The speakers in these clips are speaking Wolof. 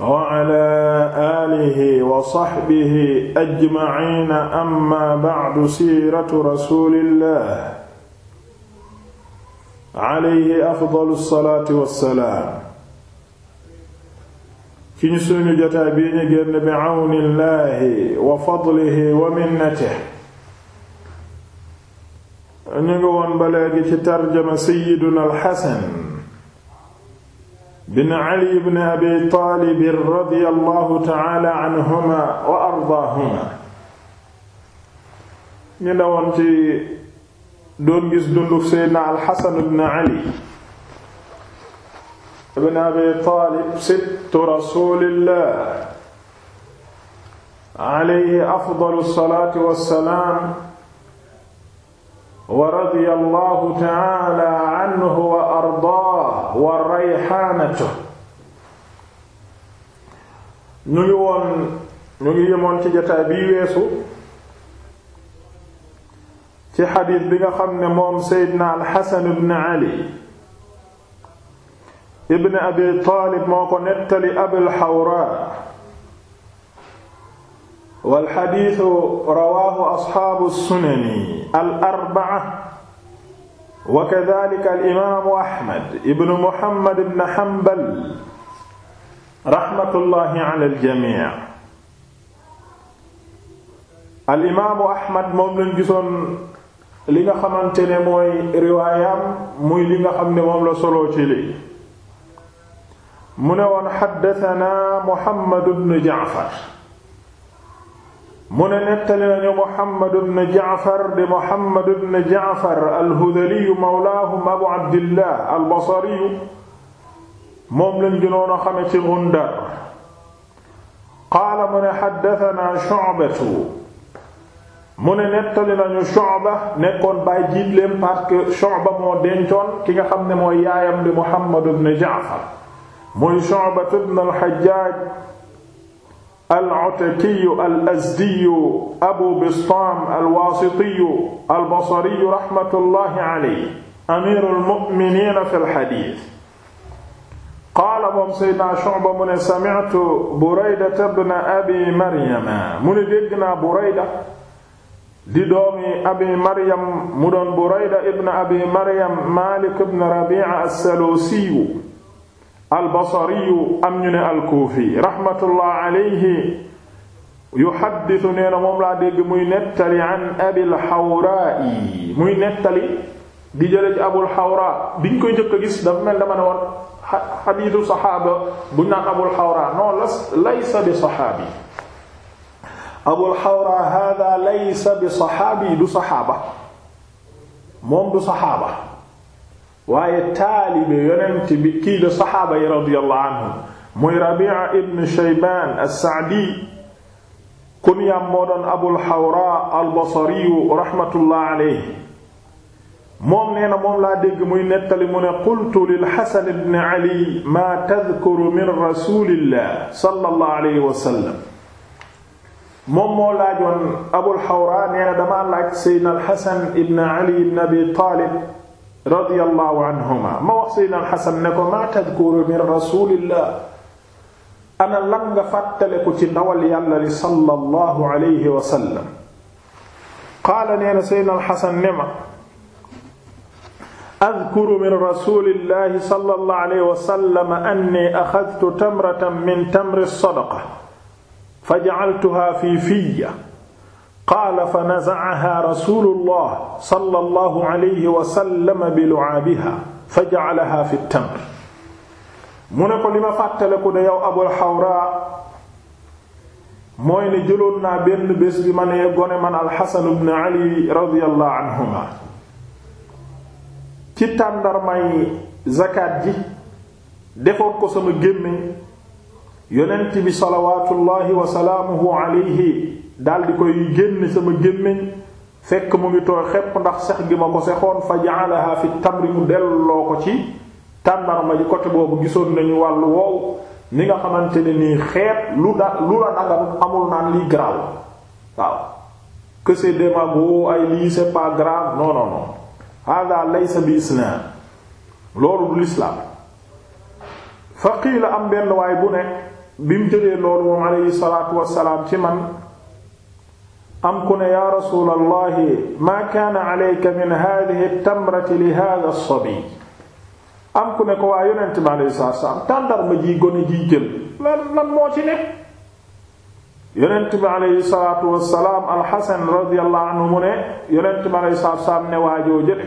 wa ala aalihi wa saxbihi ajmaciina amma bacdu siiratu rasuulillah alayhi afdalu salaatu wa salaam. ci ñu sunu jotaay bii ñu génn bi cawnillahi wa fadlihi wa minnatihi. ñu ngi woon ba léegi ci tarjama sayyidunaa al-Xasan bin Ali ibn Abi Taalib radiyallahu ta'ala anhuma wa ardaahuma ñu ne woon ci doon gis dundu Seydina Al-Hasan ibn Ali ibn Abi Taalib sibtu Rasuulillah alayhi afdalu salaatu wa salaam wa radiyallahu ta'ala anhu wa rayhaanatu ñu ngi woon ñu ngi yemoon ci jotaay bii weesu ci xadiis bi nga xam ne moom seydina alxasan ibn ali ibn abi taalib moo ko nettali abul xawraa wal xadiisu rawaahu asxaabu sunani al arbaa wa kadhalika al imaamu Ahmad ibn Muhammad ibn Hanbal rahmatullahi ala al jamii al imaamu Ahmad moom lañ gisoon li nga xamante ne mooy riwaayam muy li nga xam ne moom la solo ci li mu ne woon haddathana Muhammad ibn Ja'far mu ne nettali nañu Muhammad ibn Ja'far di Muhammad ibn Ja'far al-Hudhali mawlaahum Abu Abdillah al-Basri moom lañ gënoon a xame ci Gundar qaala mu ne haddathanaa Shu'batu mu ne nettali nañu Shu'ba nekkoon baay jiitleem parce que Shu'ba moo dencoon ki nga xam ne mooy yaayam di Muhammad ibn Ja'far mooy Shu'ba ibn al-Hajjaj al-Atakiyu al-Azdiyu Abu Bistaam al-Waasitiyu al-Basriyu rahmatullahi alayhi amiirul mu'miniina fil hadiis qaala moom Seydina Shu'ba mu ne sami'tu Buraydata bna Abi Maryam mu ne dégg naa Burayda di doomi Abi Maryam mu doon Burayda ibn Abi Maryam Maalik ibn Rabi'a as-Salusiyu albasariyu am ñu ne alkuufi raxmatullah alayhi yuxaddisu nee na moom laa dégg muy nettali an abil xawraa yi muy nettali di jële ci abul xawraa biñ koy jëkk a gis dafa mel dama ne woon xadiisu saxaaba buñ naan abul xawraa non laysa bi saxaabi abul xawraa hada laysa bi saxaabi du saxaaba moom du saxaaba waaye taalibe yonent bi la saxaaba yi radiyallahu Rabi'a ibn Shaybaan as-Sa'di kunyam moo doon Abul Hawraa al-Basri rahmatullah alayhi moom nee na laa dégg muy nettali mu ne qultu lil Hasan Ali maa tadhkuru min rasulillah sallallahu alayhi wa sallam Ali ibn Abi Taalib radiyallahu anhuma ma wax sayyidina Hasan ne ko ma tadhkuru min rasulillah ana lan nga fàttale ko ci ndawal yàlla li sallallahu alayhi wa sallam qaala nee na sayyidina Hasan ne ma adkuru min rasulillahi sallallahu alayhi wa sallam anni axadtu tamratan min tamri sadaqa faja'altuha fi fiyya qaala fa nazacaha rasulullah sallallahu alayhi wa sallam bi lucaabiha fa jacalaha fi tamr mu ne ko li ma fàttaleku ne yow abul xawraa mooy ne jëloon naa benn bés bi ma nee gone man alxasan ibn ali radiyallahu anhuma ci tàndarmay zakat ji defoon ko sama gémmiñ yonent bi salawatullahi wa salaamuhu alayhi daldi koy génne sama gémmiñ fekk mu ngi tooy xepp ndax sex gi ma ko sexoon fa ja'alaha fi tamri mu delloo ko ci tàndarma ji côté boobu gisoon nañu wàllu woowu ni nga xamante ne nii xeet lu la daganut amul naan lii grave waaw que c'est démago ay lii c'est pas grave non laysa bi islam loolu du l'islam fa qiila am benn waay bu ne bi mu jëlee loolu moom aleyhi salaatu wassalaam ci man am ku ne yaa rasulallahi maa kaana alayka min hadihi tamrati li hada as-sabi am ku ne ko waa yonent bi alayhi salaatu salaam tàndarma ji gone ji jël lan lan moo ci ne yonent bi alayhi salaatu wassalaam alxasan radiyallahu anhu mu ne yonent bi alayhi salaatu salaam ne waajoo jële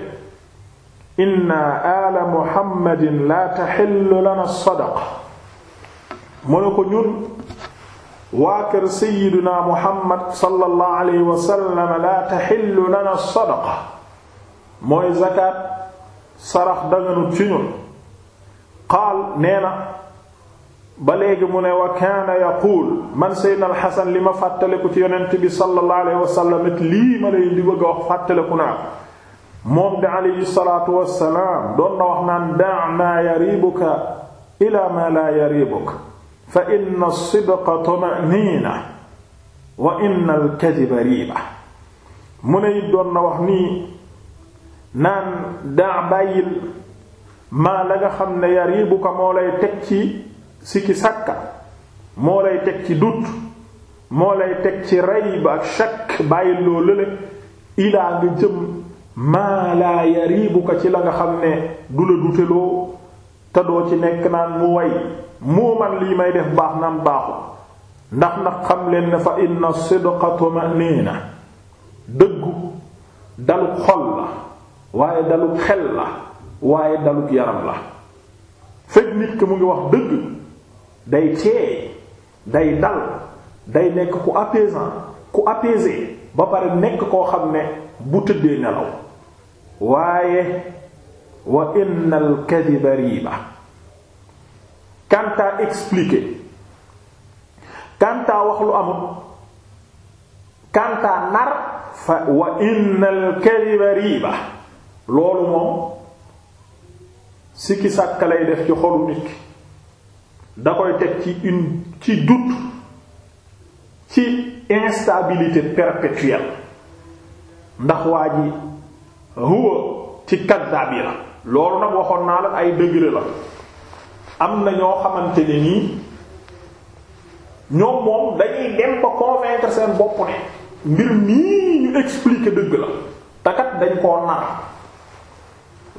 inna ala muhammadin la taxillu lana sadaqa mu ne ko ñun waa kër sayyidina muhammad sallallahu alayhi wa sallam laa taxillu lana sadaqa mooy zakat sarax daganut ci ñun qaal nee na ba léegi mu ne wa kaana yaquul man sayyidina alxasan li ma fàttaleku ci yonent bi sallallahu alayhi wa sallam it lii ma lay di bëgg a wax fàttaleku naa moom di alayhi salaatu wassalaam doon na wax naan da' maa yariibuka ila ma laa yariibuka fa inna as-sidqa tuma'nina wa inna al-kadhiba riiba mu ne it doon na wax nii naan daa bàyyil maa la nga xam ne yariibuka moo lay teg ci sikki sàkka moo lay teg ci dut moo lay teg ci rayb ak shakk bàyyil loo lële ilaa nga jëm maa laa yariibuka ci la nga xam ne du la duteloo te ci nekk naan mu way moo lii may def baax naan baaxul ndax nag xam leen ne fa inna sidqa tumanina dëggu daluk xol la waaye daluk xel la waaye daluk yaram la fekk nit ki mu ngi wax dëgg day teey day dal day nekk ku apaisant ku apaisé ba pare nekk koo xam ne bu tëddee nelaw waaye wa innal kadiba riiba quant à expliquer wax lu amul quant à nar fa wa innal kadiba riiba loolu moom sikki sàkk lay def ci xolu nit ki da koy teg ci une ci doute ci instabilité perpétuelle ndax waa ji huwa ci kaddaab yi la loolu nag waxoon naa la ay degré la am na ñoo xamante ne nii ñoom moom dañuy ba convaincre seen bopp ne mbir mii ñu expliquer dëgg la takat dañ koo nar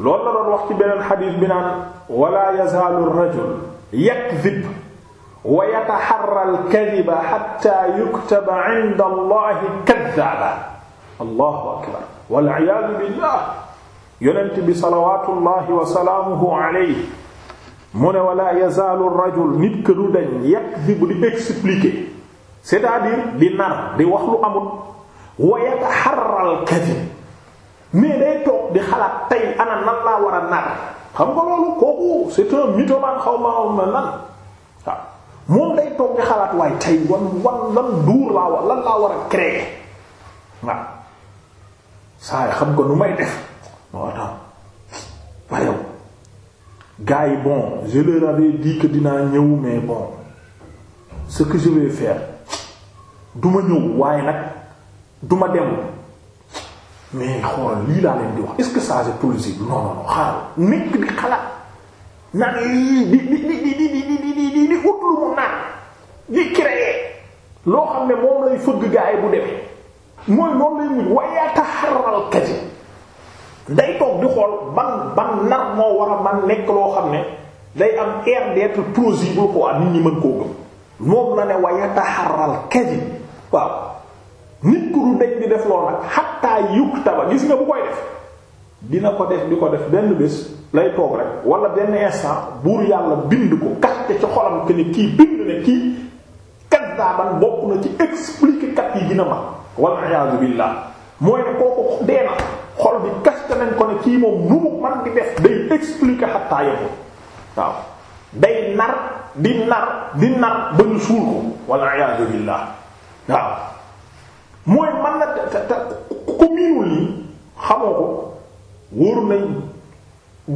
loolu la doon wax ci beneen xadiis bi wala yazaalu rajul yakdib wa yataxarra alkadiba xatta yuktaba yonent bi salawaatullahi wa salaamuhu alayhi mu ne wala yazaalu rajul nit que dañ yakdibu di expliquer cest à di nar di wax lu amul wa yataharral kadib mais day toog di xalaat tey ana nan laa war a nar xam nga loolu kooku c'est un mythomane xaw ma xaw ma nan moom day toog di xalaat waaye tey wan wan laa war laa war a créer waaw saa yi xam nga nu may def. moo tax fayow gars yi bon je leur avais dit que dinaa ñëw mais bon ce que je vais faire duma ñëw waaye nag duma dem mais xoolal lii laa leen di wax est-ce que ça c'est possible non non non xaaral créer loo xam ne moom lay fëgg gars bu demee mooy moom lay mujj waaye yaa taxaral day toog di xool ban ban nar moo war a man nekk loo xam ne day am air d'être plausible quoi nit ñi mën koo gëm moom la ne waaye taxaral kaji waaw nit ku du deñ di def loolu nag xattaa yukk taba gis nga bu koy def dina ko def di ko def benn bés lay toog rek wala benn instant buur yàlla bind ko katte ci xolam que ne kii bind ne kii kaddaban bokk na ci expliquer kat yi dina mag wal a'yadu billah mooy ne kooku dee na xol bi kaste nañ ko ne kii moom nu mu man di def day expliquer xattaa yëppu waaw day nar di nar di nar ba ñu suul ko walla iyaatu billaah waaw mooy man na te te ku miinul yi xamoo ko wóor nañ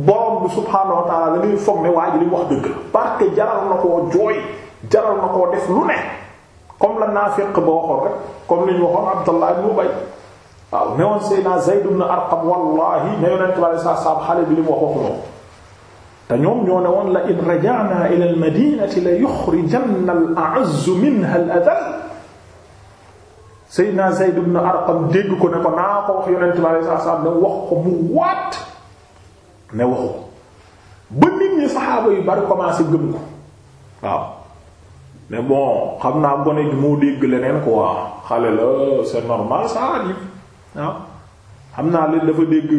borom bi subhaanahu wa taala la ñuy foog ne waa li wax dëgg la que jaral na koo jooy jaral na koo def lu ne comme la naafiq ba waxoon rek comme li ñu waxoon Abdallah ibn waaw newoon Seydina Zayd ibn Arqam wallahi ne yonent bi alayhi salaam xale bi li mu wax waxu moom ñoom ñoo ne woon la in raja'na ila al-madinati la yukhrijanna al-a'azzu minha al-adhall Seydina Zayd ibn Arqam dégg ko ne ko naa ko wax yonent bi alayhi salaam ne wax ko mu waat ne waxu ba nit ñi yu bari commencé gëm ko waaw mais bon xam naa gone ji moo dégg leneen quoi xale la c'est normal ça arrive waaw ah. xam naa leen dafa dégg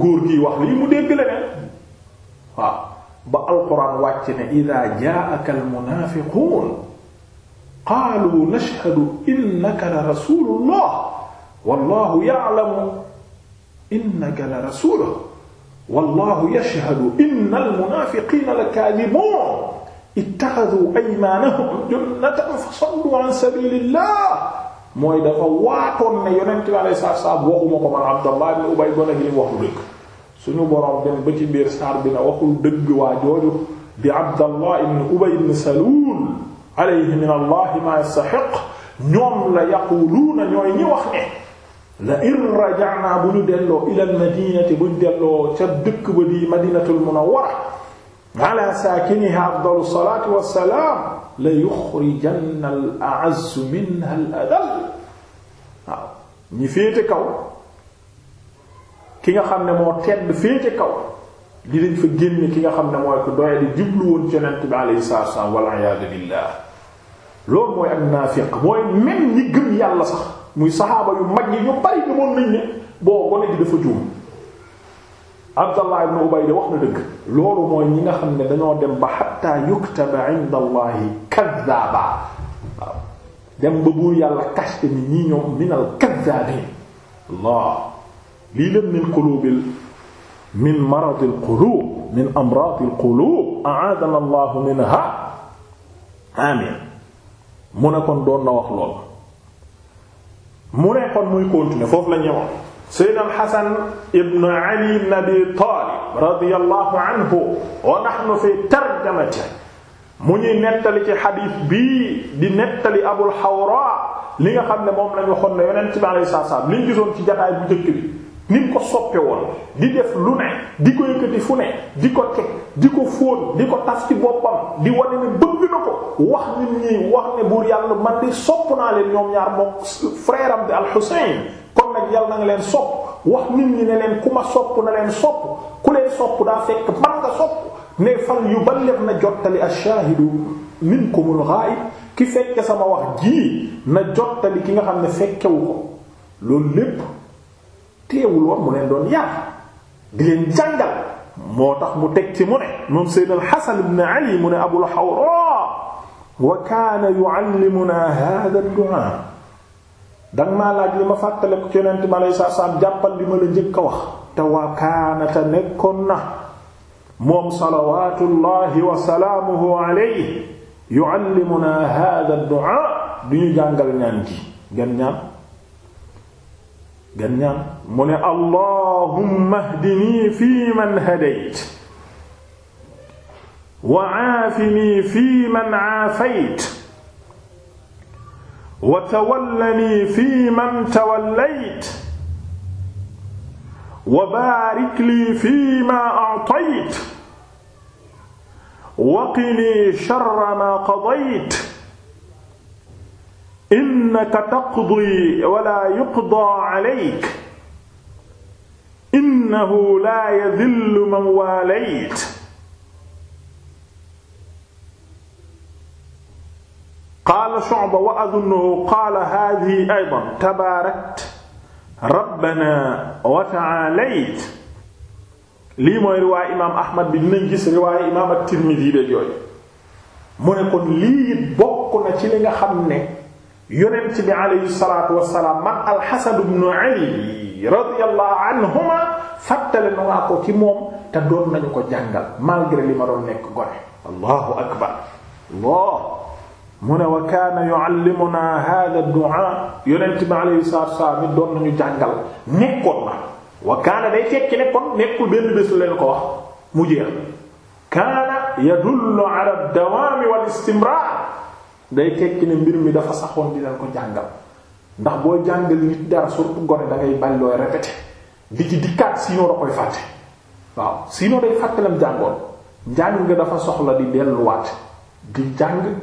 góor gi wax lii mu dégg leneen waaw ba alquran wàcc ne ida jaaka almunafiqun qaalu nashhadu innaka la rasulullah wallahu ya'lamu innaka la rasuluhu wallahu yashhadu innal munaafiqiina lakaadibuun ittaxaduu aymaanahum junnatan fasaddu an sabiilillah mooy dafa waatoon ne yonent bi alayhi salaatu salaam waxuma ko man Abdallah ibn Ubay ibn Hind waxu dëgg suñu boroom dem ba ci biir saar bi na waxul dëgg waa jooju bi Abdallah ibn Ubay ibn Salul alayhi min Allah ma yastahiq ñoom la yaquluuna ñooy ñi wax ne la in raja'na bu ñu delloo ila al-madinati bu ñu delloo ca dëkk ba di madinatul munawwara ala saakiniha afdalu salaatu wassalaam la yuxrijanna al-a'azzu minha al-adall ñi féete kaw ki nga xam ne moo tedd féete kaw di dañ fa génne ki nga xam ne mooy ko doye di jublu woon ci yonent bi alayhi salaatu wassalaam wal iyaadu billah loolu mooy ak naafiq mooy même ñi gëm yàlla sax muy saxaaba yu mag ñi ñu bari gëmoon nañ ne boo gone gi dafa juum Abdallah ibn Ubay wax na dëgg loolu mooy ñi nga xam ne dañoo dem ba xatta yuktaba inda allahi dem ba buur yàlla kaste ni ñii ñoom minal kaddaabin Allah lii leen min qulubil min maradil qulub min amradil qulub a'adana Allahu minha amin mu ne kon doon na wax lool mu ne kon muy continuer foofu la ñëwoon Seydina Hasan ibn Ali ibn Abi Talib radiyallahu anhu wa nahnu fi tarjamatihi mu ñuy nettali ci xadiis bi di nettali abul xawra li nga xam ne moom lañu xon ne yonent bi saa salaam liñ gisoon ci jataay bu njëkk bi ni ko soppe woon di def lu ne di ko yëkkati fu ne di ko teg di ko fóon di ko tas ci boppam di wane ne bëgg na ko wax nit ñi wax ne buur yàlla man di sopp naa leen ñoom ñaar moom frère am di al-Husayn kon nag yàlla na leen sopp wax nit ñi ne leen ku ma sopp na leen sopp ku leen sopp daa fekk man nga sopp ne fal yuballigh na jottali ash-shaahidu minkumul ghaa'ib ki fekke sama wax ji na jottali ki nga xam ne fekkewu ko loolu lépp teewul mu leen doon yar di leen jàngal moo tax mu teg ci mu ne moom Seydina al-Hasan ibn Ali mu ne Abul Hawraa wa kaana yu'allimunaa haadha ad-du'aa danga maa laaj li ma fàttale ko ci yonent bi alayhi jàppal li ma la njëkk a wax te wa kaanata nekkoon na moom salawaatullahi wa salaamuhu alayhi yuallimuna hada du'a du ñu jàngal ñaan gi gan ñaan gan ñaan mu ne allahumma ahdini fi man hadayt wa aafini fi man aafayt wa tawallani fi man tawallayt wa baarik lii fiimaa a'tayt wa qinii sharra maa qadayt innaka taqdii wa laa yuqdaa 'alayk innahu laa yadillu man waalayt qaala Shu'ba wa adunnuhu qaala haadhihi aydan tabaarakta rabbana wa ta'aalayt lii mooy riwaayu imaam Ahmad bi dinañ gis riwaayu imaam at-Tirmidhi beeg yooyu mu ne kon lii it bokk na ci li nga xam ne yonent bi alayhi salaatu wa salaam man al-Hasan ibn Ali radiyallahu anhuma fàttale na waa ko ci moom te doon nañu ko jàngal malgré li ma doon nekk gone. Allahu akbar Allah. mu ne wa kaana yu'allimuna hadha du'a yonent bi alayhi salaatu wassalaam it doon nañu jàngal nekkoon na wa kaana day tekki ne kon nekkul benn bés leen ko wax mu jeex kaana yadullu ala ad wal istimraar day tekki ne mbir mi dafa saxoon di leen ko jàngal ndax boo jàngal nit dara surtout gone da ngay bañ looy répété di ci dikkaat sinon da koy fàtte waaw sinon day fàttalam jàngoon njàng dafa soxla di delluwaat di jàng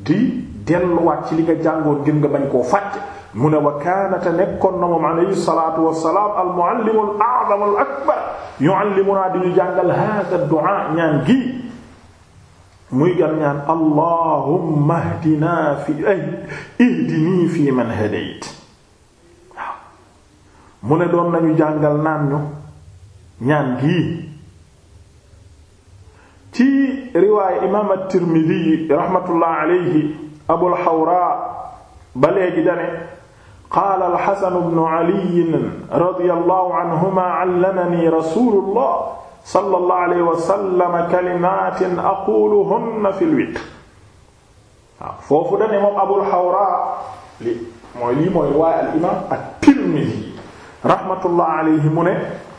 di delluwaat ci li nga jàngoon ngir nga bañ koo fàtte mu ne wa kaanate nekkoon na moom alayhi salaatu wassalaam al muallimu al ñaan gi muy gan ñaan allahumma ihdinaa fi ay ihdinii fi man hadayt mu ne doon nañu jàngal naan ñu ñaan gi ci riwaay imaam at-Tirmidhi rahmatullah alayhi Abul Hawraa ba léegi dane qaala al-Hasan ibnu Ali radiyallahu anhumaa allamanii rasuulullah sallallahu alayhi wa sallam kalimaatin aquluhunna fil witr waaw foofu dane moom Abul Hawraa li mooy lii mooy waaye al-imaam at-Tirmidhi rahmatullah alayhi mu ne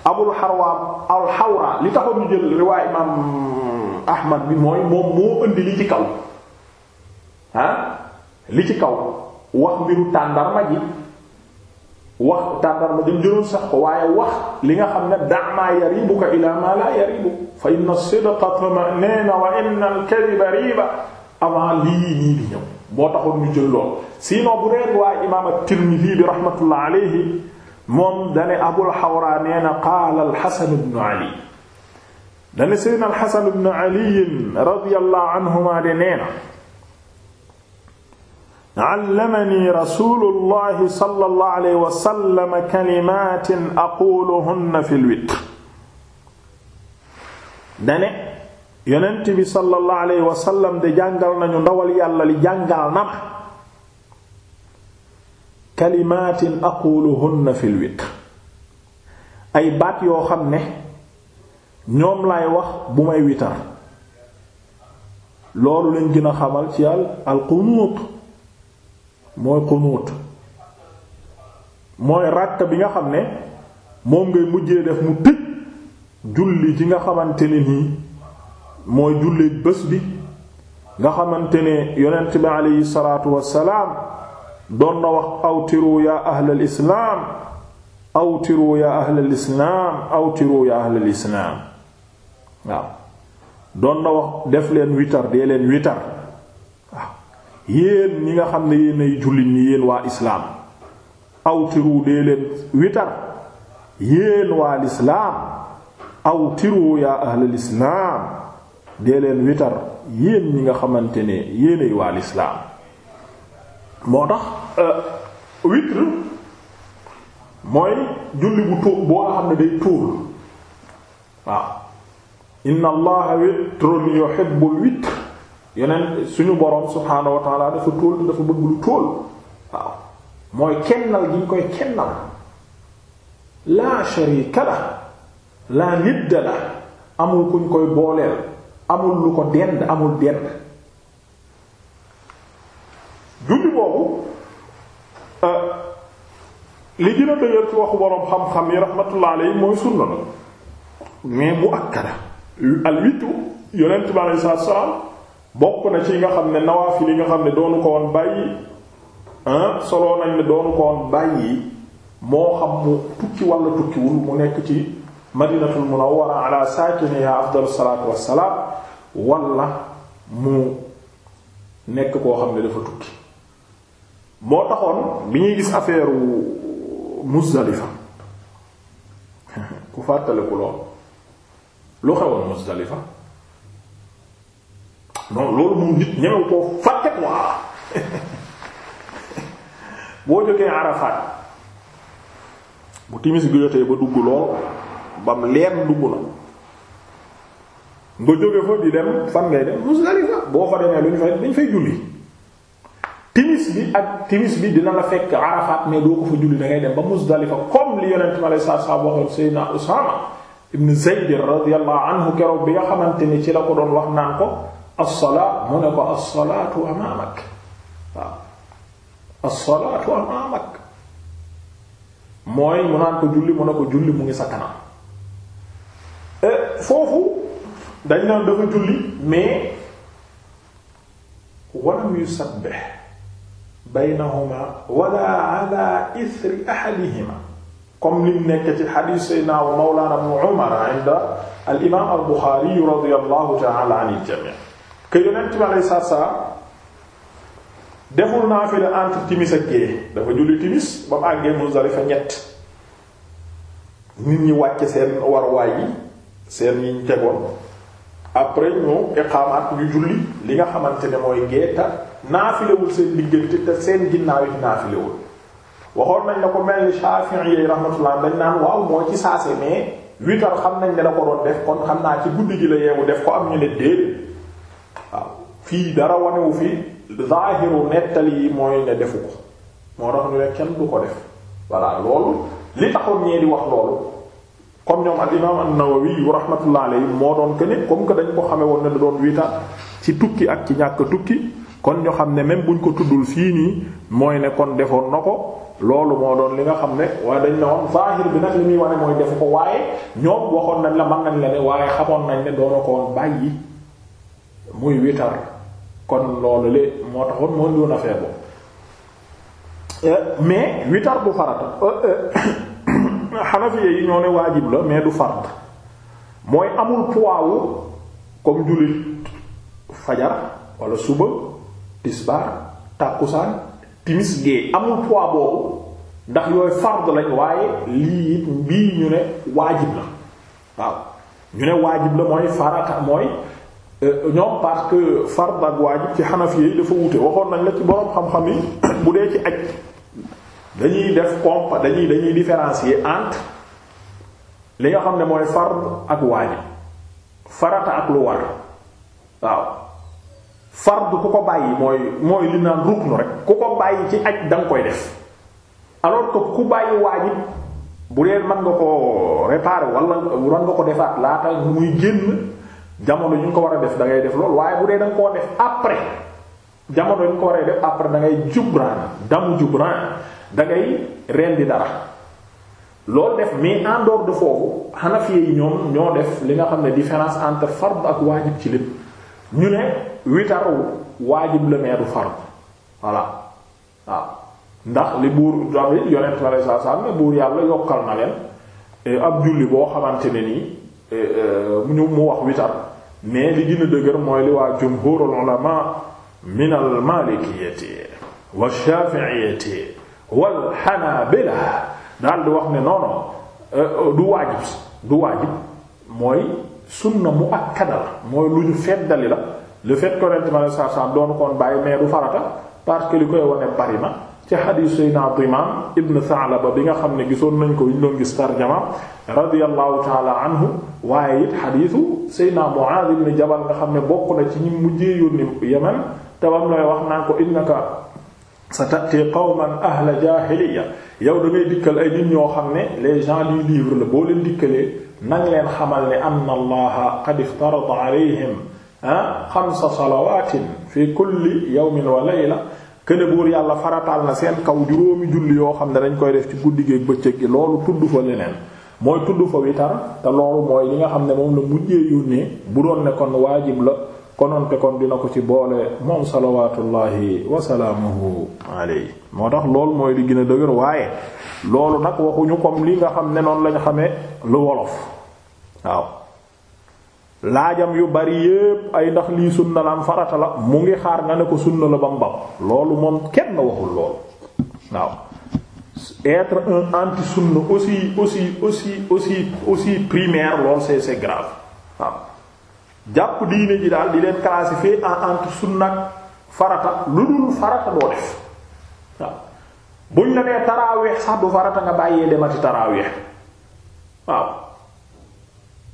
Abul Hawraa al-Hawraa li taxoon ñu jël riwaay imaam ahmad bi mooy moom moo indi li ci kaw ah li ci kaw wax mbiru tàndarma ji wax tàndarma jëm jëloon sax ko waaye wax li nga xam ne da' maa yaribuka ila ma la yaribu fa inna sidqa tuma'nina wa inna al-kadhiba riba avant lii nii di ñëw boo taxoon ñu jël lool sinon bu dee waaye imaam at-Tirmidhi bi rahmatullah alayhi moom dane abul xawra nee na qaala al-Hasan ibn Ali dane seydna alxasan ibn aliyin radiyallahu anhuma de nee na allamani rasulullahi sallallahu alayhi wa sallam kalimatin aquluhunna fil witr dane yonent bi de jàngal nañu ndawal yàlla li jàngal na ma kalimaatin aquluhunna ay baat yoo xam ne ñoom laay wax bu may witar loolu lañ gën a xamal ci al al qunuut mooy qunuut mooy ràkk bi nga xam ne moom ngay mujjee def mu tëj julli ji nga xamante ne nii mooy julleeg bés bi nga xamante ne yonent bi aleyhi salaatu wassalaam doon na wax awtiru ya ahlal islaam awtiru ya ahlal ahlal islaam waaw doon na wax def leen witar dee leen witar waaw yéen ñi nga xam ne yéen ay jullit yéen waa islaam awtiru dee leen witar yéen waa lislaam awtiru yaa ahlal islaam dee leen witar yéen ñi nga xamante ne yéenay waa lislaam moo tax euh, witr mooy julli bu tuur boo nga xam ne day tuur waaw inna allaha witrun yuhibbul witr yeneen suñu boroom subhaanahu wa taala dafa tóol te dafa bëgg lu tóol waaw mooy kennal gi ñu koy kennal laa sharika la laa nidda la amul kuñ koy booleel amul lu ko dend amul dend julli boobu euh, li gën a dëgër ci waxu boroom xam-xam yi rahmatullah alayhi mooy sunna la mais mu akkada al wittu yonent bi alei salaatu salaam bokk na ci nga xam ne nawaafil yi nga xam ne doonu ko woon bàyyi soloo nañ ne doonu ko woon bàyyi moo xam mu tukki walla tukkiwul mu nekk ci madinatul munawwara ala saakini ya afdalu salaatu wassalaam walla mu nekk koo xam ne dafa tukki moo taxoon bi ñuy gis affaire Muzdalifa ku fàttaliku lool lu xewoon Muzdalifa non loolu moom nit ñëw koo fàtte quoi boo jógee Arafat bu timis gi jotee ba dugg lool bam leen dugg na nga jóge fa di dem fan ngay dem Muzdalifa boo fa demee lu ñu fay dañ fay julli timis bi ak timis bi dina la fekk Arafat mais doo ko fa julli da ngay dem ba Muzdalifa comme li yonent ma lay sa sa waxoon Seydina Usama ibn Zayd radiyallahu anhu keroog bi nga xamante ni ci la ko doon wax naan ko as-salaa mu ne ko as-salaatu amaamak waaw as amaamak mooy mu naan ko julli mu ne ko julli mu ngi sa eh, foofu dañ dafa julli mais walam yusabbih baynahuma wala ala ithri ahadihima comme lim nekk ci xadiis Seydina wa Mawlana ibn Umar inda al imaam al Buxaari radiyallahu ta'ala anil jamii que yonent bi alayhi salaatu deful naafila entre timis ak gée dafa julli timis ba mu àggee Muzdalifa ñett nit ñi wàcce seen warwaay yi seen yi ñu tegoon après ñu iqaamaat ñu julli li nga xamante ne mooy gée ta naafilewul seen diggante te seen ginnaaw naafilewul waxoon nañ la ko mel ni Shafi'i yi rahmatullah dañ naan waaw moo ci saase mais huit heures xam nañ ne la ko doon def kon xam naa ci guddi gi la yeewu def ko am ñu ne déedéet waaw fii dara wanewu fi zaahiru nettali yi mooy ne defu ko moo tax ñu ne kenn du ko def voilà loolu li taxoon ñee di wax loolu comme ñoom al imam an-Nawawi rahmatullah alayhi moo doon que ne comme que dañ ko xamee woon ne da doon wiita ci tukki ak ci ñàkk tukki kon ñu xam ne même buñ ko tuddul fii nii mooy ne defoon na ko loolu moo doon li nga xam ne waaye dañ ne woon zahir bi nag li muy wane mooy def ko waaye ñoom waxoon nañ la man nañ la ne waaye xamoon nañ ne doona ko woon bàyyi muy witar kon loolu le moo taxoon moo doon affaire boobu eh, mais witar bu farata eh, eh, Hanafiya yi ñoo ne waajib la mais du fard mooy amul poids wu comme jullit fajar wala suba tisbaar tàkkusaan timis gée amul poids boobu ndax yooyu fard lañ waaye lii it mbii ñu ne waajib la waaw ñu ne waajib la mooy farata mooy euh, ñoom parce que fard ak waajib ci xanafi yi dafa wute waxoon nañ la ci boroom xam-xam yi bu dee ci aj dañuy def comp dañuy dañuy différencier entre li nga xam ne mooy fard ak waajib farata ak lu war waaw fardu ku ko bàyyi mooy mooy li naan ruknu rek ku ko bàyyi ci ak da koy def alors que ku bàyyi waajib bu dee mën nga ko réparer wala mën nga ko defaat laata muy génn jamono ñu ko war a def da ngay def loolu waaye bu dee da nga def après jamono ñu ko def après da ngay jubraan damu jubraan dangay ngay rendi dara loolu def mais en dehors de foofu Hanafi yi ñoom ñoo def li nga xam ne différence entre fard ak waajib ci lépp ñu ne. witar waajib la mais du fard voilà waaw ndax li buur tamit yonent la saa saa ne buur yàlla yokkal na leen eh, ab julli boo xamante ne nii eh, eh, ñu mu wax witar mais li gën dëgër mooy li waa jumhurul ulama min al malikiyyati wa shafi'iyyati wal hanabila daal di wax ne non du waajib du waajib mooy sunna mu akkada la mooy lu ñu feddali la le fait que Yonent bi sallallahu alayhi doon koon bàyyi mais du farata parce que li koy wane bari na ci xadiis Seydina Dimaam ibn Sa'laba bi nga xam ne gisoon nañ ko ñu doon gis tarjama radiyallahu taala anhu waaye it xadiisu Seydina Muaaz ibn Jabal nga xam ne bokk na ci ñi mujjee yónni Yemen te bam lay wax naa ko innaka sa tati qawman ahla jaahiliya yow da ngay dikkal ay nit ñoo xam ne les gens du livre la boo leen dikkalee nang leen xamal ne anna allaha qad ah xamsa salawaatin fi kulli yawmin wa layla këne buur yàlla farataal na seen kaw juróomi julli yoo xam ne dañ koy def ci guddi gi ak bëccëg gi loolu tudd fa leneen mooy tudd fa witar te loolu mooy li nga xam ne moom la mujjee yónnee bu doon ne kon waajib la konoon te kon dina ko ci boole moom salawaatullahi wa salaamuhu alayhi moo tax loolu mooy li gën dëgër waaye loolu nag waxuñu comme li nga xam ne noonu lañ xamee lu wolof waaw laajam yu bari yépp ay ndax lii sunna la am farata la mu ngi xaar nga ne ko sunna la ba loolu moom kenn waxul loolu waaw être un anti sunna aussi aussi aussi aussi aussi primaire loolu c'est c'est waaw jàpp diine ji daal di leen classifier en anti sunnak farata lu dul farata doo def waaw buñ la nee taraaweex sax du farata nga bàyyee demati taraaweex waaw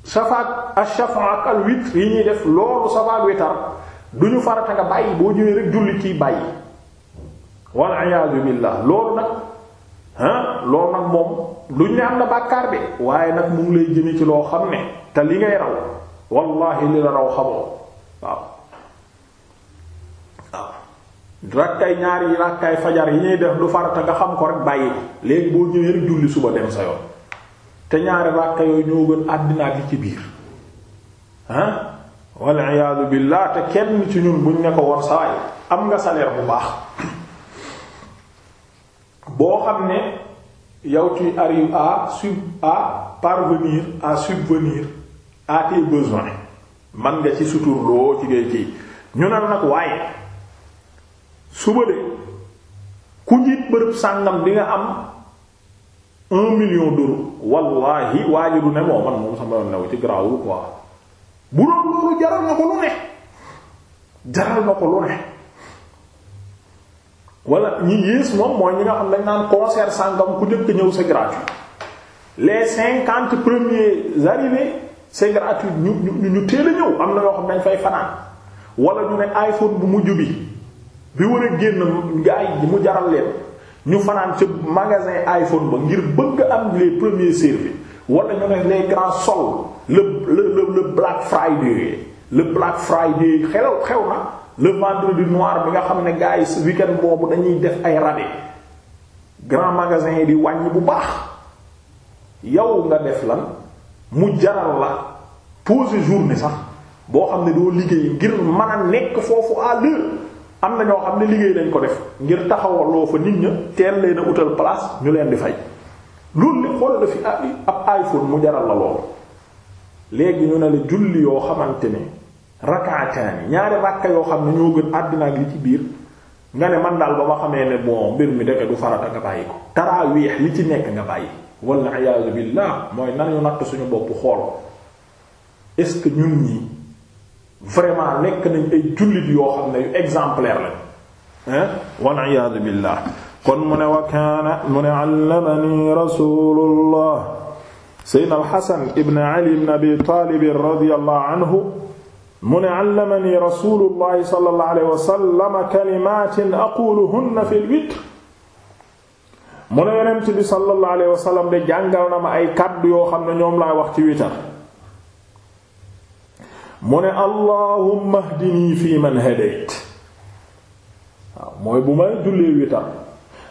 safaat ak chafon al witr yi ñuy def loolu safaat witar du ñu farata nga bàyyi boo ñëwee rek julli ciy bàyyi wal iyaadu billaah loolu nag ah loolu nag moom lu ñu am na bàkkaar bi waaye nag mu lay jëme ci loo xam ne te li ngay raw wallahi li la raw xamoo waaw waaw rakkay ñaari rakkay fajar yi ñuy def lu farata nga xam ko rek bàyyi léegi boo ñëwee julli suba dem sa yoon te ñaari ràkka yooyu ñoo gën àddina ak li ci biir ah wal iyaadu te kenn ci ñun buñ ne ko woon sawaay am nga salaire bu baax boo xam ne yow tu arrives à sub à parvenir à subvenir à tes besoins man nga ci suturloo ci ngay kii ñu ne nag waaye suba de ku njiit bërëb sàngam di nga am un million d'euros wallahi waaye du ne moo man moom sama yoon new ci grawul quoi bu doon loolu jaral na ko lu ne jaral na ko lu ne wala ñi yées moom mooy ñi nga xam dañ naan concert sàngam ku njëkk ñëw c'est gratuit les cinquante premiers arrivés c'est ñu ñu ñu teel ñëw am na yoo xam dañ fay fanaan wala ñu ne iPhone bu mujj bi bi war a génn gaay yi mu jaral leen ñu fanaan ca magasin iPhone ba ngir bëgg am les premiers servis wala ñu ne les grands soldes le le le Black Friday le Black Friday xew xew na le vendredi noir bi nga xam ne gars yi si weekend boobu dañuy def ay rabais grand magasin yi di wàññi bu baax yow nga def lan mu jaral la pause journée sax boo xam ne doo liggéey ngir mën a nekk foofu à am na ñoo xam ne liggéey lañ ko def ngir taxawaloo fa nit ña teel leen a utal place ñu leen di fay loolu li xool la fi ah ab iPhone mu jaral la loolu léegi ñu ne la julli yoo xamante ne rakaataani ñaari rakka yoo xam ne ñoo gën àddina ak li ci biir nga ne man daal ba ma xamee ne bon mbir mi deke du farata nga bàyyi ko taraawiix li ci nekk nga bàyyi walla iyaazu billaah mooy nan ñu suñu bopp xool est ñun ñi vraiment nekk nañ ay jullit yoo xam ne yu exemplaire lañ wal iyaadu billah kon mu ne wa kaana mu ne allamani rasulullah seydna alxasan ibn ali ibn abi taalib radiyallahu anhu mu ne allamani rasulullahi sallallahu alayhi wa sallam kalimatin aquluhunna fil witr mu ne yonent bi sallallahu alayhi wa sallam de jàngal na ma ay kàddu yoo xam ne ñoom laay wax ci witar mu ne allahumma hdini fi man hadayt waaw mooy bu may jullee witar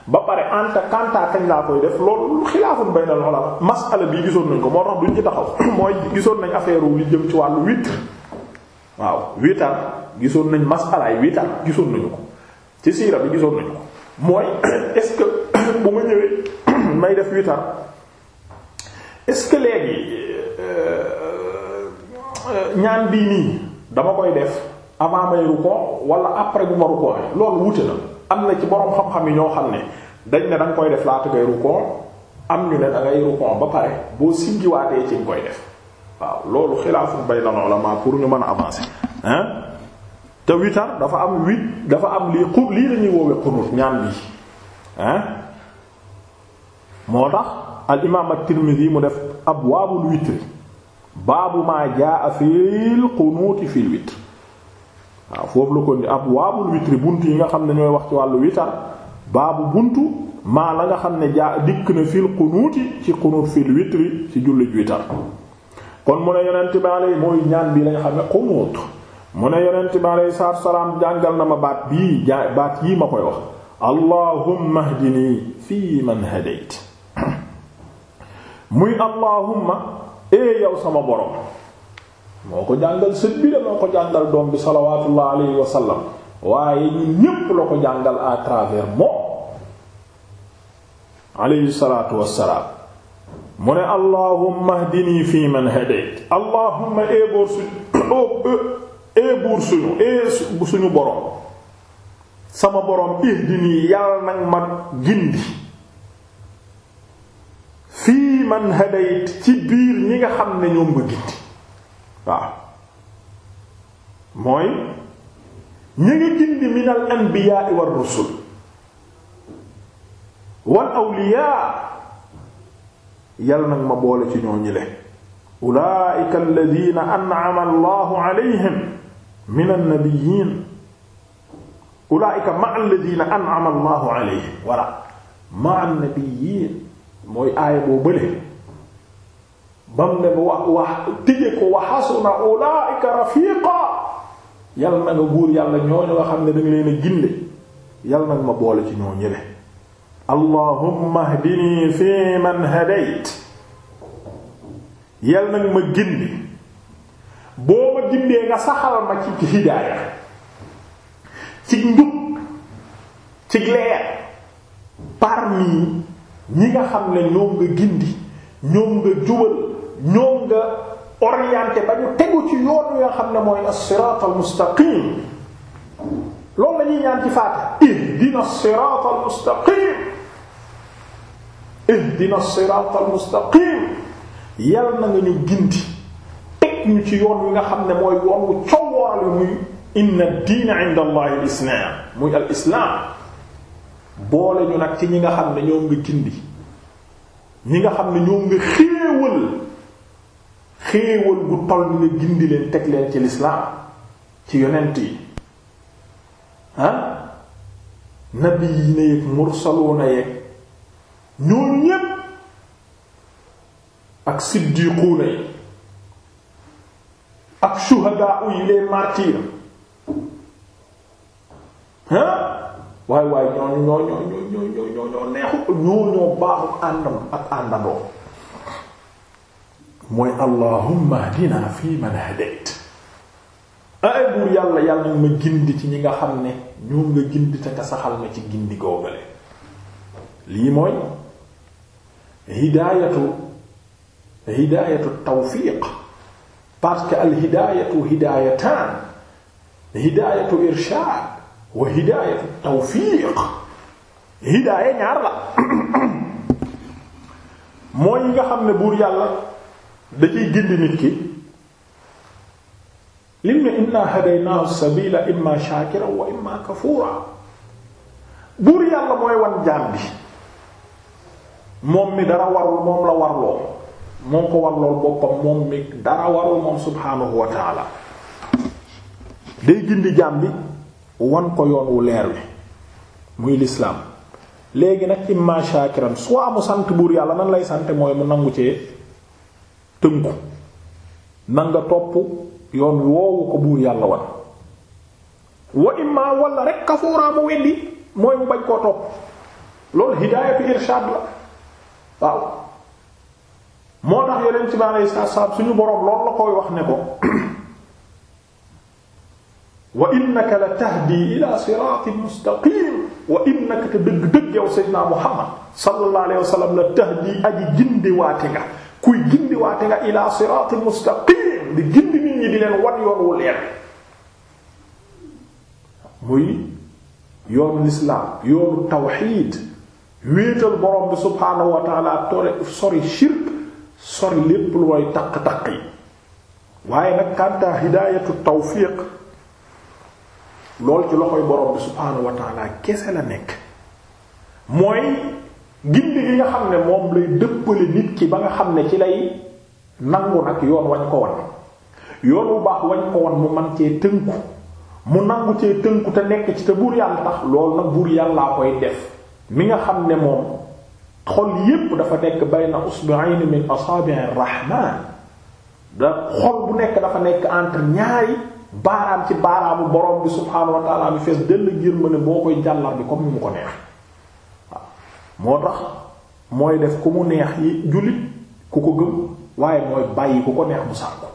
ba pare anta kanta kañ laa koy def loolu xilaafun bayna al-ulama masala bii gisoon nañ ko moo tax duñ ci taxaw mooy gisoon nañ affaire wu li jëm ci wàllu witre waaw witar gisoon nañ masalaay witar gisoon nañu ko ci siira bi gisoon nañu ko mooy est-ce que bu ma ñëwee may def witar est léegi euh, Euh, ñaan bii nii dama koy def avant may rukkoo wala après bu ma rukkoo loolu wute na am na ci borom xam-xam yi ñoo xam ne dañ ne da koy def laata ngay rukkoo am ñu ne da ngay ba pare boo siggiwaatee ci nga koy def waaw loolu xilaafu bayna ulama pour ñu mën a avancer hein te witar dafa am wit dafa am lii xub lii lañuy woowe xunut ñaan bii hein moo tax al imaam at-Tirmidhi mu def abwaabul witr baabu ma jaa fil qunuuti fil witr waaw foofu la ko ab waabul witri bunt yi nga xam ne ñooy wax ci wàllu witar baabu buntu maa la nga xam ne jaa dikk na fiil qunuuti ci qunuut fil witri ci jullit witar kon mu ne yonent bi alay mooy ñaan bi lañ xam ne qunuut mu ne yonent bi alay salaam jàngal na ma baat bii ja baat yii ma koy wax allahumma hdini fii man hadayt muy allahumma eh yow sama borom moo ko jàngal sët bi la ko jàngal doom bi salawatullah alayhi wa waaye ñun ñépp la ko jàngal à travers moom alayhi salaatu wassalaam mu ne allahumma hdini fi man hadayt allahumma eeboor eh, oh, eh, eh, suñu eeboor suñu eebu suñu borom sama borom ihdini yàlla nag ma gindi man hadayt ci biir ñi nga xam ne ñoom nga gitt waaw mooy ñi ngi gindi min al anbiyaa war rusul wal awliyaa yal nag ma boole ci ñoo ñile ulaa'ika alladhiina an'ama allahu alayhim min an-nabiyyiin ulaa'ika ma'a alladhiina an'ama allahu alayhim wala ma'a an-nabiyyiin mooy aaya boo bële bam ne wax wax tije ko wa hasuna ulaika rafiqa yal na nga buur yàlla ñooñu nga xam ne danga leen a ginde yal na nga ma boole ci ñoo ñële allahumma ihdini fi man hadayt yal na nga ma gindi boo ma gindee nga saxal ma ci hidaaya ci njub ci leer parmi ñi nga xam ne ñoom nga gindi ñoom nga jubal ñoom nga orienté ba ñu tegu ci yoon nga xam ne mooy as-siraatal mustaqim loolu la ñuy ñaan ci faata ihdina as-siraatal mustaqim ihdina mustaqim yal na nga ñu gindi teg ñu ci yoon wi nga xam ne mooy yoon wu coowooral muy inna ad-diina 'inda al-islaam boole ñu nag ci ñi nga xam ne ñoom nga gindi ñi nga xam ne ñoom nga xéewal xéewal gu toll ni nga gindi leen teg leen ci lislaam ci yonent yi ah nabi yi na yeeg mursaluuna yeeg ñooñu ñépp ak siddiquuna yi ak shuhadaa yi les martyrs ah waaye waaye ñooñu ñoo ñoo ñoo ñoo ñoo neexu ñoo ñoo baaxu àndandoo mooy allahumma hdina fi man hadayt ay buur yàlla yàlla ma gindi ci ñi nga xam ne ñoom nga gindi te saxal ma ci gindi googale lii mooy hidaayatu hidaayatu tawfiq parce que al hidaayatu hidaayataan hidaayatu irshaad wa hidaayatu tawfiiq hidaaya ñaar la mooy nga xam ne buur yàlla dañuy ciy gindi nit ki lim ne inna hadaynaahu sabila imma shaakira wa imma kafuura buur yàlla mooy wan jaam moom mi dara warul moom la warloo moo ko warlool boppam moom mi dara warul moom subhaanahu wa day gindi jaam wan ko yoon wu leer wi muy lislaam léegi nag imma shakiran soit mu sant buur yàlla nan lay sante mooy mu nangu cee tënku nanga topp yoon woowu ko buur yàlla wan wo imma walla rek kafuuraa mu weddi mooy mu bañ koo topp loolu hidaayatu irshaad la waaw moo tax yeneen ci baa ngay saab suñu boroom loolu la koy wax ne ko wa innaka la tahdi ila siraatin mustaqim wa innaka te dëgg-dëgg yow sayyidina Muhammad sallallahu alayhi wa sallam la tahdi aji gindiwaate nga kuy gindiwaate nga ila siraatin mustaqim di gindi nit ñi di leen wan yoon wu leer muy yoonu lislaam yoonu tawxiid wéetal borom bi subhaanahu wa taala tore sori shirk sori lépp lu way taq-taq yi waaye nag kanta hidaayatu tawfiq lool ci loxoy borom bi subhaanahu wa taala kese la nekk mooy gindi gi nga xam ne moom lay dëppale nit ki ba nga xam ne ci lay nangu nag yoon wañ ko wan yoon bu baax wañ ko wan mu man cee tënku mu nangu cee tënku te nekk ci te buur yàlla tax loolu nag buur yàllaa koy def mi nga xam ne moom xol yépp dafa nekk bayna usbu'ayn min asaabi'ir rahmaan da xol bu nekk dafa nekk entre ñaari baaraam ci baaraamu borom bi subhaanahu wa taala fees dell ngir ma ne boo koy jàllar comme mu ko neex waaw moo tax mooy def ku mu neex yi jullit ku ko gëm waaye mooy bàyyi ku ko neex mu sànku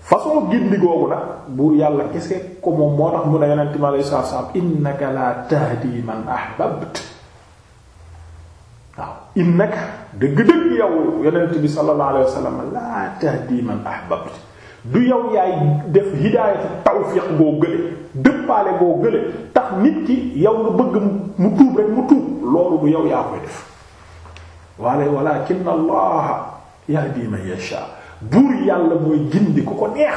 façon gindi googu nag buur yàlla kese ko moom moo tax mu ne yonent mi alayhi salaatu salaam innaka laa tahdi man ahbabta waaw innaka dëgg-dëgg yow yonent bi sallallahu alayhi wa laa tahdi man du yow yaay def hidaayatu tawfiq goo gële dëppaale goo gële tax nit ki yow nga bëgg mu tuub rek mu tuub loolu du yow yaa koy def waale walakin allah yahdi man yasha buur yàlla mooy gindi ku ko neex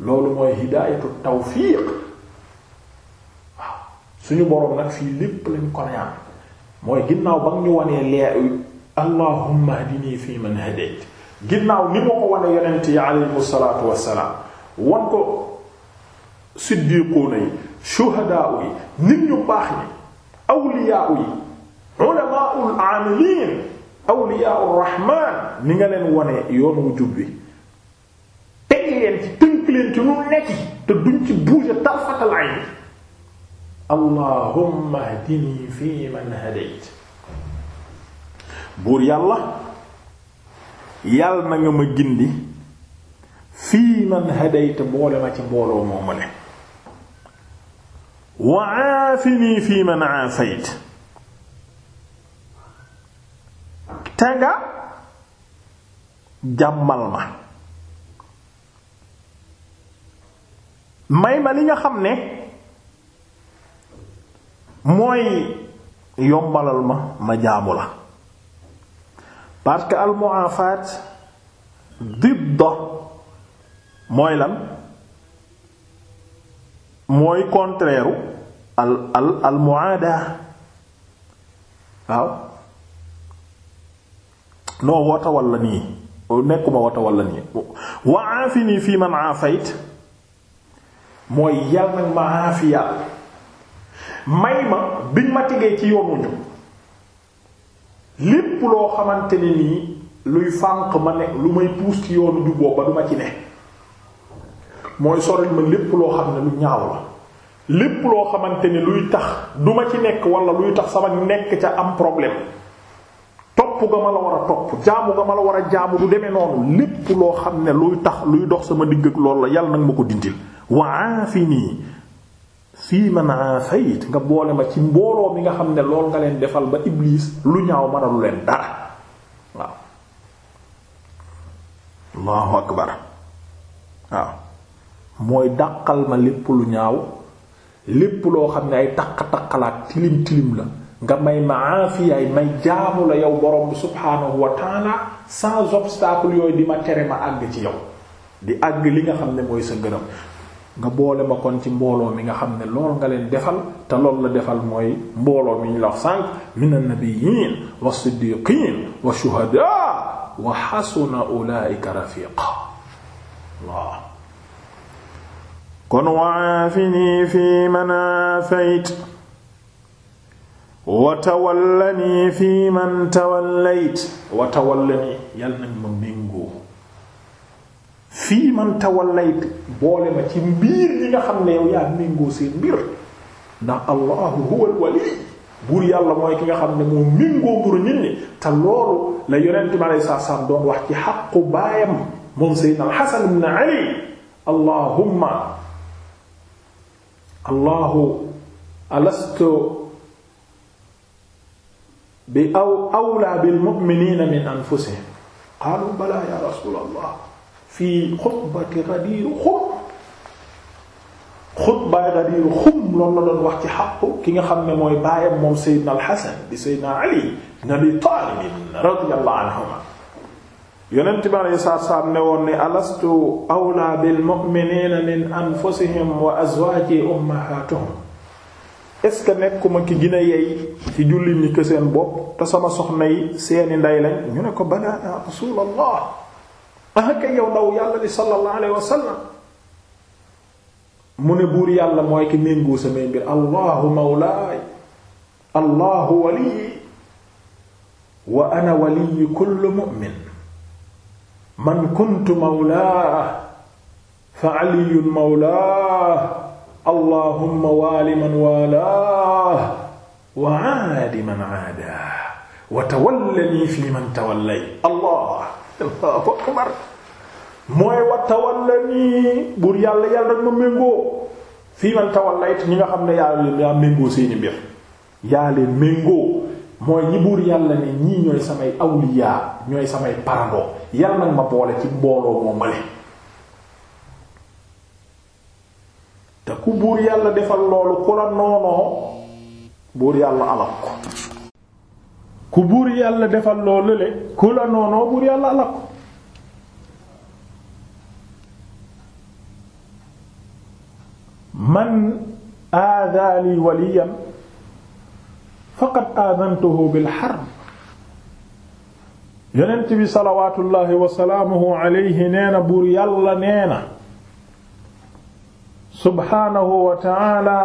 loolu mooy hidaayatu tawfiq waaw suñu boroom nag fii lépp lañ ko ñaan mooy ginnaaw ba nga ñu wanee leer allahumma hdini fi man hadayt ginnaaw ni moo ko wane yonent yi aleyhim salaatu wassalaam wan ko siddiquuna yi shuhadaa yi nit ñu baax ñi awliyaa yi ulamaa'ul aamiliin awliyaa'ur rahmaan ni nga leen wane yoon wu jub bi teg leen ci tënk leen ci lu nekk te duñ ci bouger tarfatal ayn allahumma hdini fi man hadayt buur yàlla yàlla na nga ma gindi fii man hadayta boole ma ci mbooloo moo ma ne wa aafini fii man aafayt te nga jàmmal ma may ma li nga xam ne mooy yombalal ma ma jaamu la parce que al mu'aafaat didda mooy lan mooy contraire al al al waaw noo wota walla nii nekkuma wota walla nii wa aafini fii man aafayt mooy yàlla nag ma aafiya may ma biñ ma tegee ci yoonu lépp loo xamante ni luy fànq ma ne lu may puus ci yoonu juboo ba du ma ci ne mooy soril ma lépp loo xam ne lu ñaaw la lépp loo xamante ne luy tax duma ci nekk wala luy tax sama nekk ca am problème topp nga ma la war a topp jaamu nga ma la war a jaamu du demee noonu lépp loo xam ne luy tax luy dox sama digg ak loolu la yàlla nag ma ko dindil waa nii fii man aafayit nga boole ma ci mbooloo mi nga xam ne lool nga leen defal ba iblis lu ñaaw mënalu leen dara waaw allahu akbar waaw mooy daqal ma lépp lu ñaaw lépp loo xam ne ay taq taqalaat tilim tilim la nga may ma aafiyaay may jaamu la yow borom bi subhaanahu wa taala yooyu di ma tere ma àgg ci yow di àgg li nga xam ne mooy sa ngërëm nga boole ma kon ci mbooloo mi nga xam ne lool nga leen defal te loolu la defal mooy mbooloo mi ñu la wax sànq min an-nabiyyin was-siddiqin wash-shuhada wa hasuna ulaika rafiqa waaw kon fi man afayt wa tawallani fi man tawallayt wa tawallani yàlla nañ ma fii man tawallayt boole ma ci mbir yi nga xam ne yow yaa méngoo seen mbir ndax allahu huwal wali buur yàlla mooy ki nga xam ne moo méngoo mburu nit ñi te loolu la yonent bi alei sat selaam doon wax ci xaqu baayam moom seydna alxasan ibn ali allahumma allahu alastu bi aw awlaa bil mu'minina min anfusihim qaalu balaa ya rasul allah fii xutbati Ghadir Khoum xutbaay Ghadir Khoum loolu la doon wax ci xaqu ki nga xam ne mooy baayam moom Seydina Al-Hasan di Seydina Ali ibn Abi Talib anhuma yonent bi alayhi salaatu salaam ne woon ne alastu awlaa bil mu'miniina min anfusihim wa azwaaji ummahatuhum est ce que nekkuma ki gën a ci jullit ñi que seen bopp te sama soxna yi seeni ndey lañ ñu ne ko balaa ya rasulallah ah kay yow ndaw yàlla li sallallahu alayhi wa sallam mu ne buur yàlla mooy ki méngoo samay mbir allahu mawlaay allahu waliyi wa ana waliyi kulli mu'min man kuntu mawlaa fa aliyun mawlaa allahumma waali man waalaa wa aadi man aadaa wa tawallani fi man tawallay allah Allahu akbar mooy wa tawallani buur yàlla yàlla rek ma méngoo fii man tawallayt ñi nga xam ne yaa leen yaa méngoo seeni mbir yaa leen méngoo mooy ñi buur yàlla ne ñii ñooy samay awliya ñooy samay parandoo yàlla nag ma boole ci mbooloo moo male te ku buur yàlla defal loolu ku la noonoo buur yàlla alal ko ku buur yàlla defal loo lële ku la noonoo buur yàlla alak ko man aadaa li waliyan faqad aadantuhu bil harb yonent bi salawaatullahi wa salaamuhu alayhi nee na buur yàlla nee na subhaanahu wa taala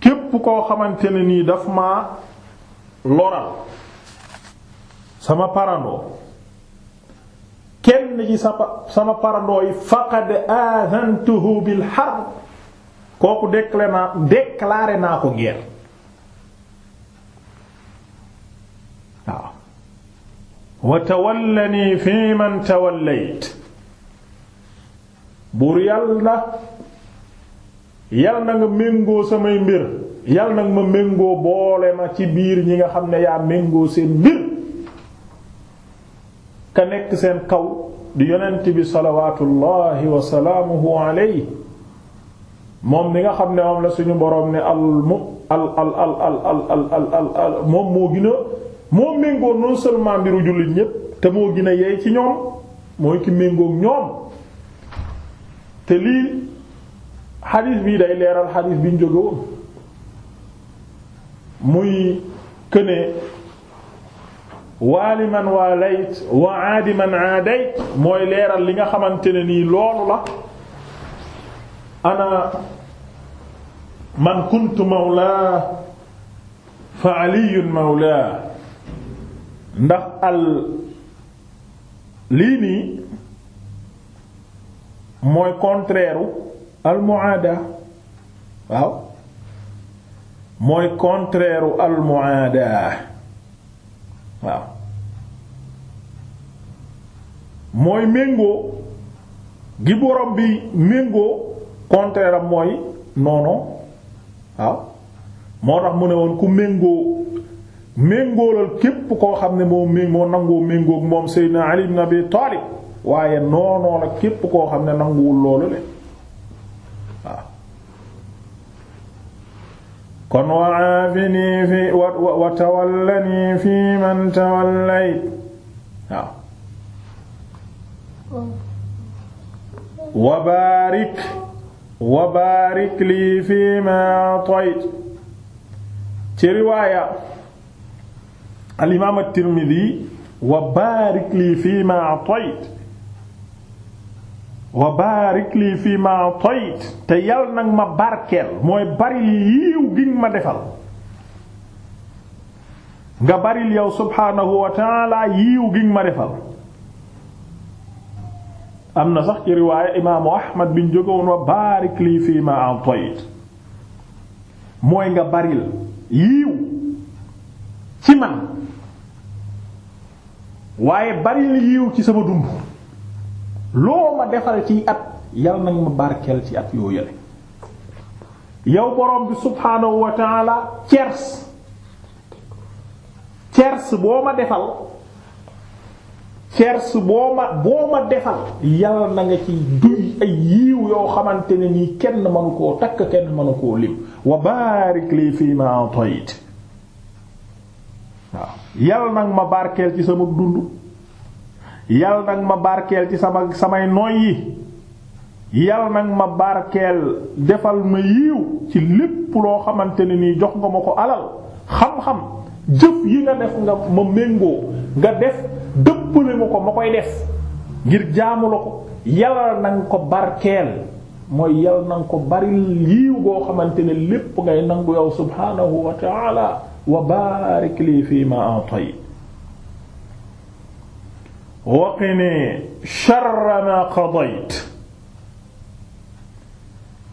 képp koo xamante ne nii daf ma loral sama parandoo kenn ci sama parandoo yi faqad aadantuhu bil harb kooku déclaré naa ko geer waaw wa tawallani fi man tawallayt buur yàlla yàlla na nga méngoo samay mbir yal nag ma méngoo boole na ci biir ñi nga xam ne yaa méngoo seen mbir ka nekk seen kaw di yonent bi salawaatullahi wa salaamuhu moom mi nga xam ne moom la suñu boroom ne al moo gën moo méngoo nu seulement mbiru jullit ñépp te moo gën a yeey ci ñoom mooy ki méngoog ñoom te lii xadiis bii day leeral xadiis bi ñu jóge muy këne waali man wa aadi man mooy leeral li nga xamante ne nii loolu la ana man kuntu mawlaa fa aliyun mawlaa ndax al lii nii mooy contraire al waaw mooy contraire u almuaadaa waaw mooy méngoo gi borom bi méngoo contraire am mooy noono waaw moo tax mu ne woon ku méngoo méngoolal képp koo xam ne moo mé moo nangoo méngoog moom Seydina Ali Abi Taalib waaye noonoo la képp koo xam ne nanguwul loolu le kon wa aafini fi wa tawallani fi man tawallay waaw wa baarik wa baarik lii fi ma a'tayt ci riwaaya al imaam at-Tirmidhi wa baarik lii fi ma a'tayt wa baarik lii fii ma a'tayt te yal nag ma barkeel mooy baril yiiw gi ma defal nga baril yow subhaanahu wa ta'ala yiiw gi ma defal am na sax ci riwaaya imaamu ahmad biñ jógowoon wa lii fii ma a'tayt mooy nga baril yiiw ci man waaye baril yiw ci sama dund loo ma defal ci at yal nañ ma barkeel ci at yoo yële yow borom bi subhaanahu wa taala cers cers boo ma defal cers boo ma boo ma defal yàlla na nga ci duy ay yiiw yoo xamante ne nii kenn mënu koo takk kenn mënu koo lim wa barik lii fii ma atayit waaw yàlla nag ma barkeel ci sama dund yal nag ma barkeel ci sama samay nooy yi yal nag ma barkeel defal ma yiw ci lépp loo xamante ne nii jox nga ma ko alal xam-xam jëf yi nga def nga ma méngoo nga def dëppale ma ko ma koy def ngir jaamu la ko yal nag ko barkeel mooy yal nag ko bari yiw goo xamante ne lépp ngay nangu yow subhaanahu wa ta'ala fii ma atay waqini sharra ma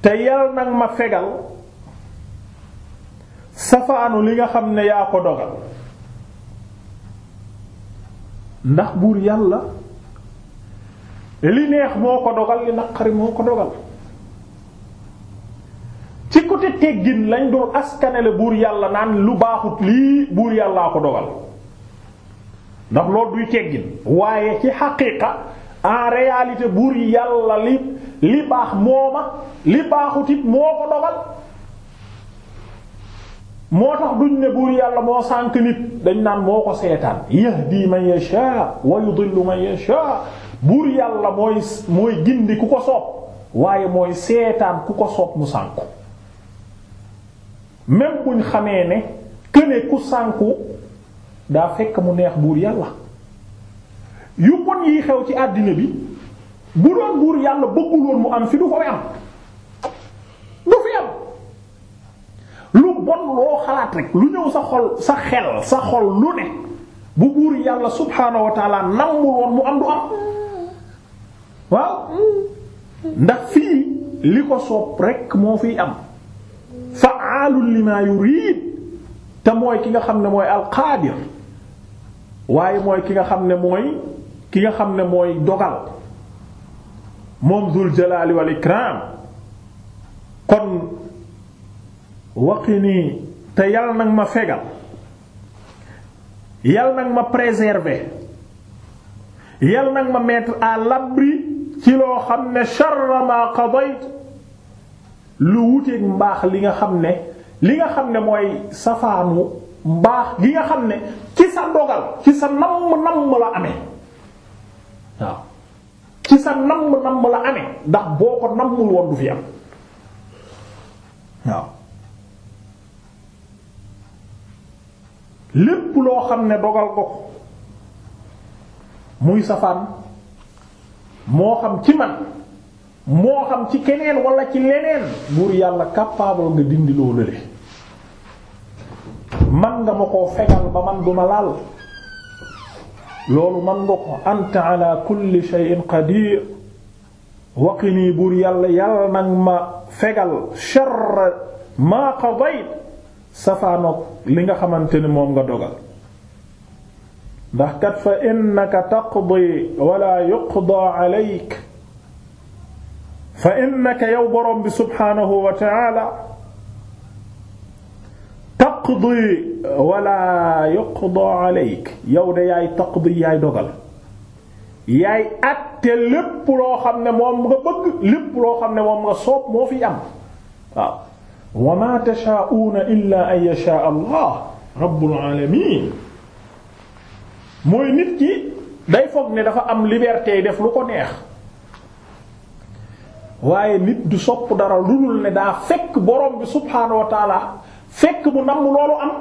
te yal nag ma fegal safaanu li nga xam ne yaa ko dogal ndax buur yàlla li neex moo ko dogal li naqari moo ko dogal ci côté teggin lañ doon askanele buur yàlla naan lu baaxut lii buur yàllaa ko dogal ndax lool duy teggin waaye ci xaqiiqa en réalité buur yàlla li li baax mooma li baaxut it moo ko dogal moo tax duñ ne buur yàlla moo sànk nit dañ naan moo ko seetaan yahdi man yasha wa yudillu man yasha buur yàlla mooy mooy gindi ku ko soob waaye mooy seetaan ku ko soob mu sànku même buñ xamee ne këne ku sànku daa fekk mu neex buur yàlla yu bon yi xew ci àddina bi bu doon buur yàlla bëggul mu am fi du ko am du fi am lu bon loo xalaat rek lu ñëw sa xol sa xel sa xol lu ne bu buur yàlla subhaanahu wa taala nammul woon mu am du am waaw ndax fii li ko soob rekk moo fi am fa'aalun limaa yuriid te mooy ki nga xam ne mooy alqaadir waaye mooy ki nga xam ne mooy ki nga xam ne mooy dogal moom dul jalaali wal ikraam kon waqini te yàlla nag ma fegal yàlla nag ma préserver yal nag ma mettre à l'abri ci loo xam ne sharra ma qadayt lu wuteeg mbaax li nga xam ne li nga xam ne mooy safaanu mbaax gi nga xam ne ci sa dogal ci sa namm namm la amee waaw ci sa namm namm la amee ndax boo ko nammul woon du fi am waaw lépp loo xam ne dogal ko muy safaan moo xam ci man moo xam ci keneen wala ci leneen buur yàlla capable nga dindi loo lële man nga ma koo fegal ba man duma laal loolu man nga ko anta ala kulli shay'in qadir waqini buur yàlla yàlla nag ma fegal sharra maa qadayt safaanoog li nga xamante ne moom nga dogal ndax kat fa innaka taqdi wala yuqda alayk fa innaka yow borom bi wa ta'ala taqdi wala yuqda alayk yow lépp loo xam ne moom nga bëgg moo fi am waaw wa ma tashaa'uuna dafa am liberté def ko neex waaye nit du sopp dara lu dul ne daa fekk borom bi subhaanahu wa fekk mu namm loolu am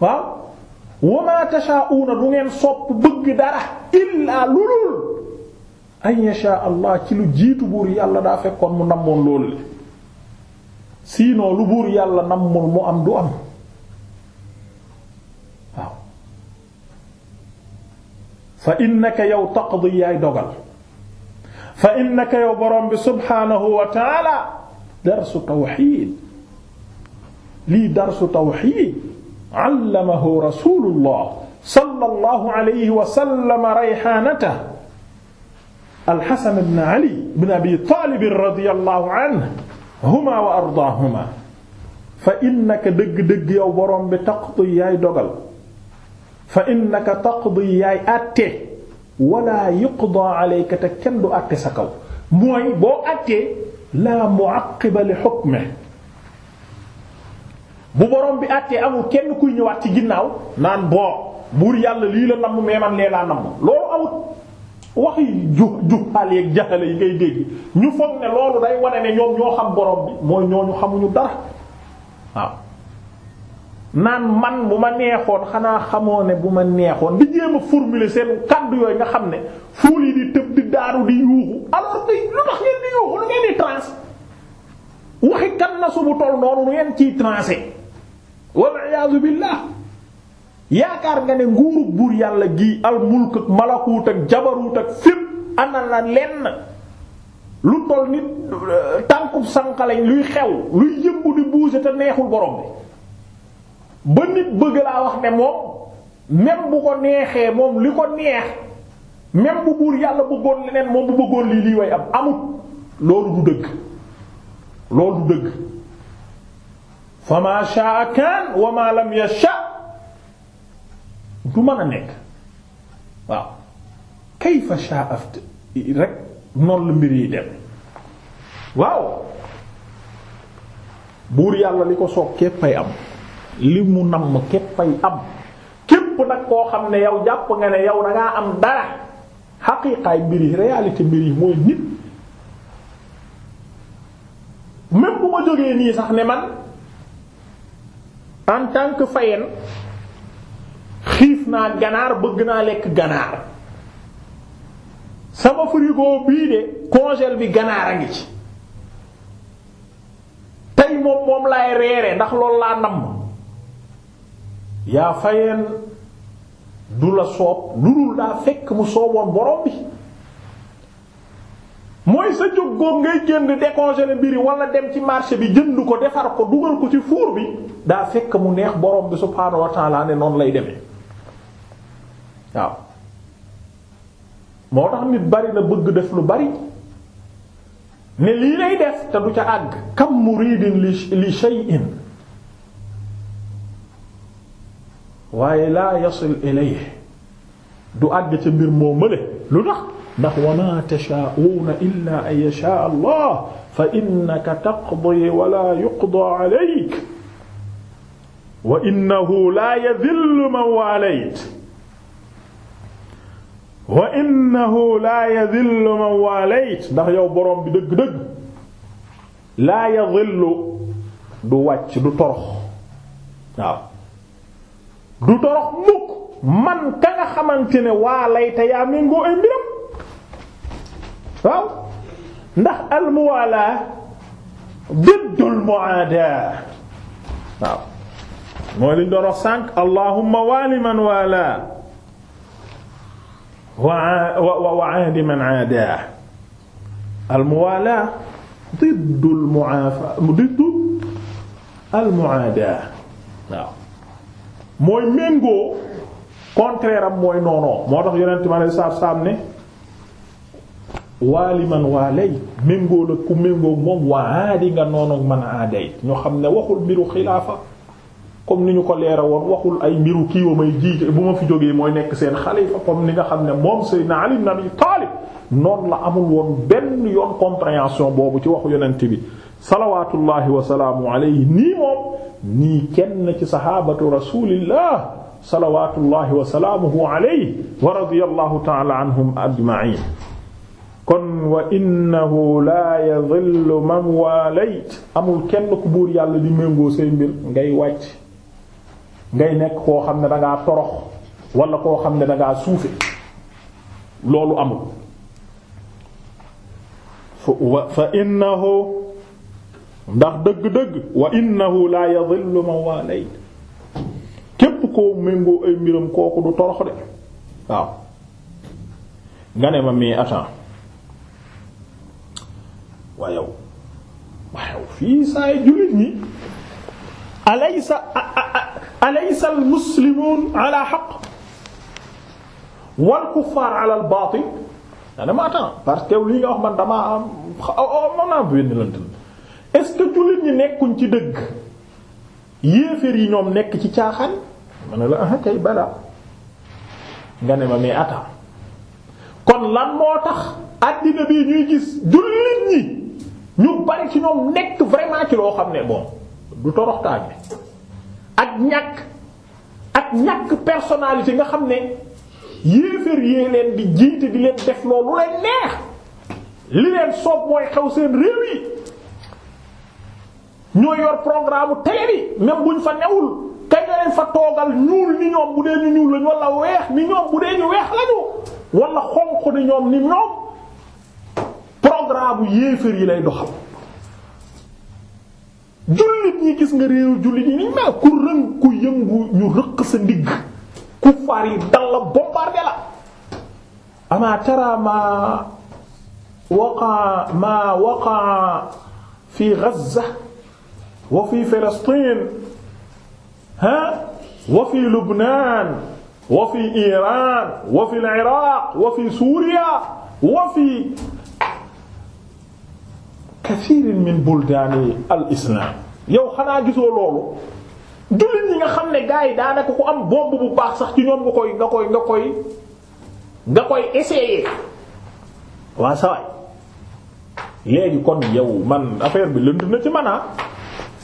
waaw wa ma tashaa'una du sopp bëgg dara illaa lulul an yasha allah ci lu jiitu buur yàlla daa fekkoon mu nammoon loolu le sinon lu buur yàlla nammul mu am du am waaw yow taqdi yaay dogal fa innaka yow borom subhaanahu wa ta'ala darsu tawxiid lii darsu tawxiid allamahu rasulullah sallallahu alayhi wa sallam rayhaanatahu alxasan ibn ali ibn abi taalib radiyallahu anhumaa wa ardaahumaa fa innaka dëgg-dëgg yow boroom bi taqdi yaay dogal fa innaka taqdi yaay àtte wala yuqdaa alayka te kenn du àtte sa kaw mooy boo àttee laa mucaqqiba li xukmihi bu borom bi àttee amul kenn kuy ñëwaat ci ginnaaw naan boo buur yàlla lii la namm mais man lee laa namm loolu amut wax ju juxaal yeeg jaxale yi ngay dégg ñu foog ne loolu day wane ne ñoom ñoo xam borom bi mooy ñu xamuñu dara waaw naan man bu ma neexoon xanaa xamoo ne bu ma neexoon di jéem a formuler seen kàddu yooyu nga xam ne fuul yi di tëb di daaru di yuuxu alors que lu tax ngeen di yuuxu lu ngeen di trans wal iyaazu billah yaakaar nga ne nguurug buur yàlla gi al mulk ak malakuut ak jabaruut ak fépp ana la lenn lu toll nit euh, tànkub sànqaleñ luy xew luy yëmbu di buuse te neexul borom bi ba nit bëgg laa wax ne moom même bu ko neexee moom li ko neex même bu buur yàlla bëggoon leneen moom bu bëggoon lii lii way am amut loolu du dëgg loolu du dëgg fa ma sha'a kaan wa ma lam yasha du mën a nekk waaw kayfa sha'a rek noonu la yi dem waaw buur yàlla li ko soog képpay am li mu namm képpay am képp nag koo xam ne yow jàpp nga ne yow dangaa am dara xaqiiqaay mbir yi réalité mooy nit même bu ma jógee nii sax ne man en tant que fayen xiif naa ganaar bëgg naa lekk ganaar sama frigo bii de congèle bi ganaar a ngi ci tey moom moom laay reere ndax lool laa namm yaa fayen du la soob lu dul daa fekk mu sooboon borom bi mooy sa jóg goog ngay jënd décongeler mbir yi wala dem ci marché bi jënd ko defar ko dugal ko ci four bi daa fekk mu neex borom bi subhaanahu wa ne noonu lay demee waaw moo tax nit bari na bëgg def lu bari ne lii lay def te du ca àgg kam muridin li shay'in waaye laa yasil ilayhi du àgg ca mbir moo mële lu tax ndax wa ma tashaa'uuna illaa an yashaa allah fa innaka taqdi wa laa yuqdaa alayk wa innahu laa yadillu man waalayt wa innahu laa yadillu man waalayt ndax yow boroom bi dëgg-dëgg laa yadillu du wàcc du torox waaw du torox mukk man ka nga xamante ne waalayta yaa méngoo ay mbiram waaw ndax almuwaalaa diddul muaadaa waaw mooy liñ doon wax sànq allahumma waali man waalaa wa wa aadi man aadaa almuwaalaa diddul muaafaa diddul almuaadaa waaw mooy méngoo contraire am mooy noonoo moo tax yonent ma lay saab saab ne waali man waalay méngóol ak ku méngóog moom waadi nga noonu man aaday ñu xam ne waxul mbiru xilaafa comme ni ñu ko leera woon waxul ay mbiru kiiwa may jiite bu ma fi jógee mooy nekk seen xalifa comme ni nga xam ne moom Seydina Ali ibn Abi Taalib noonu la amul woon benn yoon compréhension boobu ci waxu yonent bi salawatullahi wasalaamu alayhi nii moom nii kenn ci sahabatu rasulillah salawatullahi wasalaamuhu alayhi wa radiyallahu ta'ala anhum ajma'in kon wa innahu laa yadhillu man waalayt amul kenn ku buur yàlla di méngoo say mbir ngay wàcc ngay nekk koo xam ne dangaa torox walla koo xam ne dangaa suufe loolu amul fa innahu ndax dëgg-dëgg wa innahu laa yadhillu man waalayt képp koo méngoo ay mbiram kooku du torox de waaw nga ne ma mii attends fii saay jullit ñi alaysa alaysa al muslimun ala haqq wal kuffar ala al batil daa dama attend parce que li nga wax man damaa am man naa benn lënt est-ce que jullit ñi nekkuñ ci dëgg yéeféer yi ñoom nekk ci caaxaan ma ne la ah kay balaa nga ne ma mais attend kon lan moo tax àddina bi ñuy gis jullit ñi ñu bari ci ñoom nekk vraiment ci loo xam ne bon du toroxtaange ak ñàkk ak ñàkk personnalité nga xam ne yéefar yee leen di jiite di leen def loolu leen neex li leen soob mooy xew seen réew yi ñoo yor programme télé bi même buñ fa newul kañ leen fa toogal ñuul ni ñoom bu dee ñu ñuul lañ weex ni ñoom bu dee ñu weex lañu wala xonq ni ñoom ni ñoom. programme yéeféer yi lay doxal jullit ñi gis nga réew jullit ñi niñ ma ku rëng ku yëngu ñu rëq sa ku far yi dal la bombardé ama tara ma waqa ma waqa fi Gaza wa fi Filastin ha wa fi Lubnan wa fi Iran wa fi al wa fi Suuriya wa fi kathirin min buldaani al islam yow xanaa gisoo loolu jullit ñi nga xam ne gars yi daanaka ku am bomb bu baax sax ci ñoom nga koy nga koy nga koy nga waa saway léegi kon yow man affaire bi lënd na ci man a ah.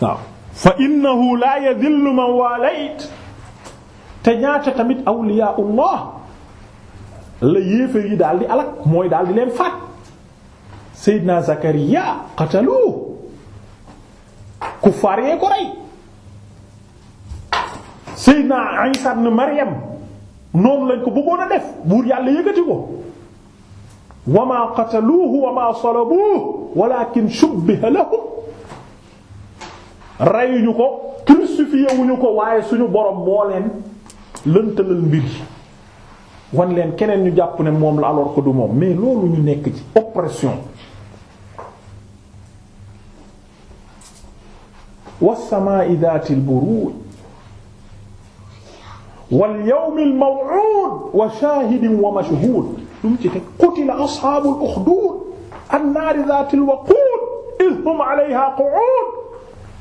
waaw fa innahu la yadhillu man walayt te ñaata tamit awliyaa Allah la yéefar yi daal di alak mooy daal di leen faat Seydina Zakariya qatalu kuffaar yee ko rey Seydina Isa ibn Maryam noonu lañ ko bëggoon a def buur yàlla yëkkati ko wa maa qataluuhu wa maa salabuuhu walaakin shubbiha reyuñu ko crucifié wuñu ko waaye suñu borom moo leen lëntalal mbir yi keneen ñu jàpp ne moom la alors que du moom mais loolu ñu nekk ci oppression was-samaa'i dhaatil buruuj wal yawmil maw'uud wa shaahidin wa mashhuud lu mu ci teg qutila ashaabul uxduud an-naari dhaatil waquud idh hum 'alayhaa qu'uud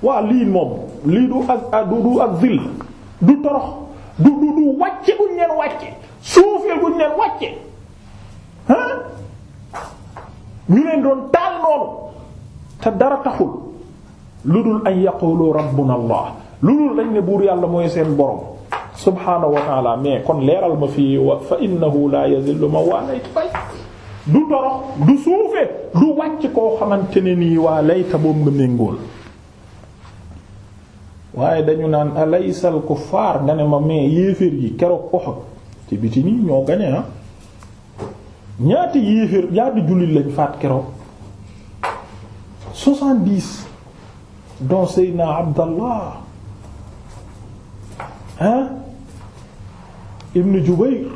waa lii moom lii du ak ah, du du ak zill du torox du du du wàcce guñ leen wàcce suufee guñ leen wàcce ah ñu leen doon taal noonu te dara taxul. lu dul an yaqulu rabbuna allah lu dul lañ ne buur yàlla mooy seen borom subhaanahu wa taala mais kon leeral ma fi wa fa innahu la yazillu ma waalayta du torox du suufee du wàcc koo xamante ne nii waa layta boobu nga méngool waaye dañu naan alaysal kuffaar nga ne ma mais yéeféer yi keroog Uhud ci biti nii ñoo gañe ah ñaati yéeféer ñaati jullit lañ faat keroog don Seydina Abdallah ah ibn Jubayr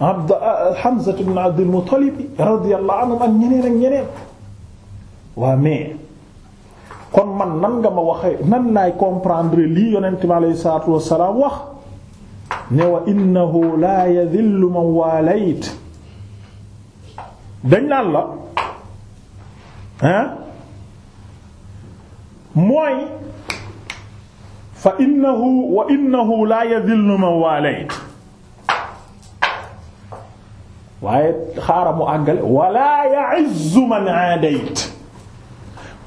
Abd Hamza ibn Abdul Muttalib radiyallahu anhum ak ñeneen ak ñeneen waa mais kon man nan nga ma waxee nan laay comprendre lii yonent bi alayhi salaatu wassalaam wax ne wa innahu la yadhillu man waalayt dañ naan la ah mooy fa innahu wa innahu la yadhillu man walayt waaye xaaral mu àggale wala ya'izzu man aadayt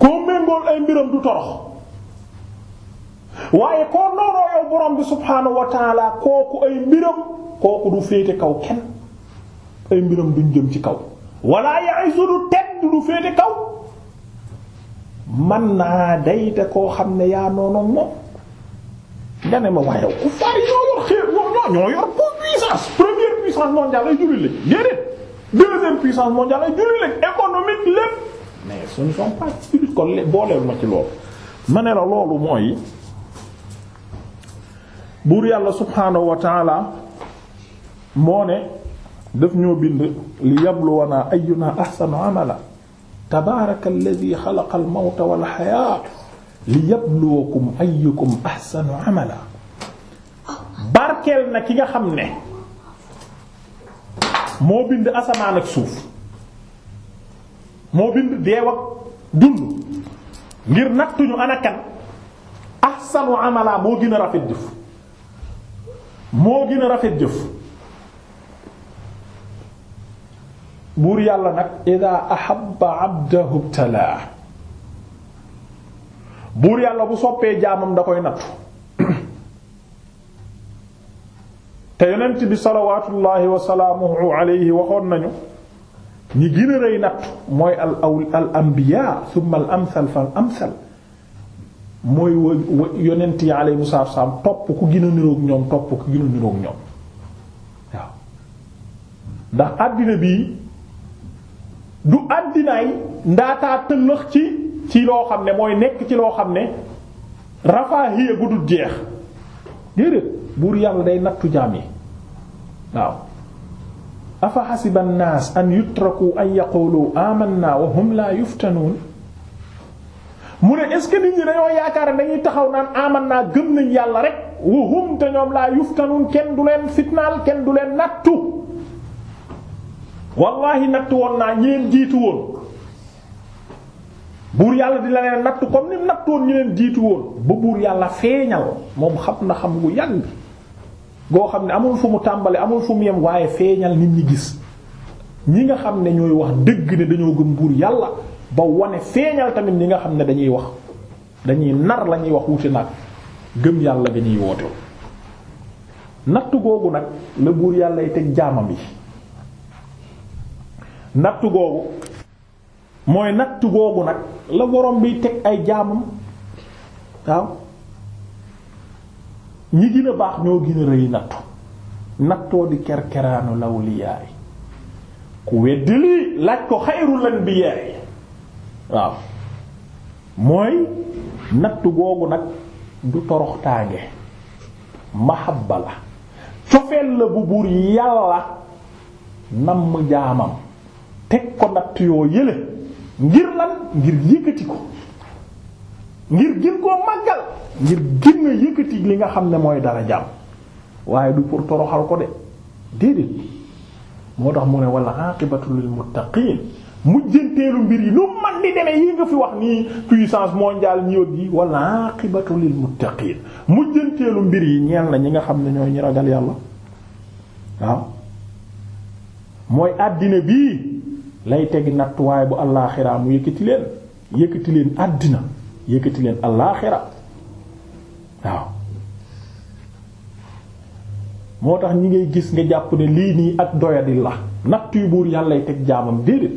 koo méngool ay mbiram du torox waaye koo noonoo yow borom bi subhaanahu wa taala kooku ay mbiram kooku du féete kaw kenn ay mbiram duñ jëm ci kaw wala ya'izzu du tedd du féete kaw man naa day te koo xam ne yaa noonu moom nga ne ma waaye ku far ñoo yor xeer ñoo ñoo yor pour puissance première puissance mondiale ay jullit lañ déedéet deuxième puissance mondiale ay jullit lañ économique lépp mais ce ne sont pas jullit kon booleel ma ci loolu ma ne la loolu mooy buur yàlla subhaanahu wa taala moo ne daf ñoo bind li yabluwanaa ayyunaa ahsanu amala tabaaraka alladi xalaqa almawta wal xayaata li yabluwakum ayyukum ahsanu amala barkeel na ki nga xam ne moo bind asamaan ak suuf moo bind deew ak dund ngir nattuñu anakan ahsanu amala moo gën a rafet jëf moo gën a rafet jëf buur yàlla nag ida ahabba abdahu ibtalaa buur yàlla bu soppee jaamam da koy nattu te yonent bi salawatullahi wa waxoon nañu ñi gën a rëy nattu mooy al al anbiya yi alayhi topp ku gën niroog ñoom topp ku gën niroog ñoom waaw ndax àddina bii du àddinaay ndaataa tëllëx ci ci loo xam ne mooy nekk ci loo xam ne rafaahiya gu du jeex déedéet buur yàlla day nattu jaam yi waaw afa xasiba annaas an yutraku an yaqulu amanna wa hum yuftanuun mu ne est-ce dañoo yaakaar dañuy taxaw naan amanna gëm nañ yàlla rek wa te ñoom laa yuftanuun kenn du leen fitnaal kenn du leen nattu wallahi natt woon naa ñeen jiitu woon buur yàlla di la leen natt comme ni natt woon leen jiitu woon ba buur yàlla feeñal moom xam na xam gu yàgg goo xam ne amul fu tàmbali amul fu mu yem waaye feeñal nit ñi gis ñi nga xam ne ñooy wax dëgg ne dañoo gëm buur yàlla ba wane feeñal tamit ñi nga xam ne dañuy wax dañuy nar lañuy wax wuti nag gëm yàlla dañuy wootew natt googu nag la buur yàlla yi teg jaamam yi nattu googu mooy nattu googu nag la borom bi teg ay jaamam waaw ñi gën baax ñoo gën a rëy nattu nattoo di kerkeraanu lawliyaay ku weddi lii laaj ko xayrul anbiyaay waaw mooy nattu googu nag du toroxtaange mahabba la cofeel la bu buur yàlla namm jaamam teg ko natt yoo yële ngir lan ngir yëkkati ko ngir gën koo màggal ngir gën a yëkkati li nga xam ne mooy dara jàmm waaye du pour toroxal ko de déedéet moo tax mu ne wala aqibatu lil muttaqin mujjanteelu mbir yi nu man di demee yi nga fi wax nii puissance mondiale ñëwat yi wala aqibatu lil mujjanteelu mbir yi ñeel na ñi nga xam ne ñooy ñi ragal yàlla waaw mooy àddina bii lay teg nattuwaay bu allaaxira mu yëkkati leen yëkkati leen àddina yëkkati leen allaaxira waaw moo tax ñi ngay gis nga jàpp ne lii nii ak doyadi la natt yu buur yàllay teg jaamam déedéet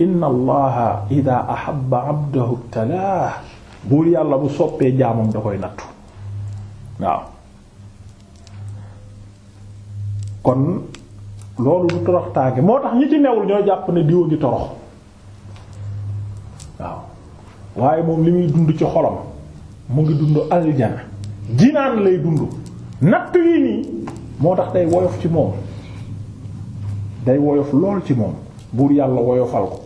inna allaha ida ahabba abdahu ibtalah buur yàlla bu soppee jaamam da koy nattu waaw kon loolu du torox tànge moo tax ñi ci newul ñoo jàpp ne diwa gi torox waaw waaye moom li muy dund ci xolam mu ngi dund aljana jinaan lay dund natt yi nii moo tax day woyof ci moom day woyof lool ci moom buur yàlla woyofal ko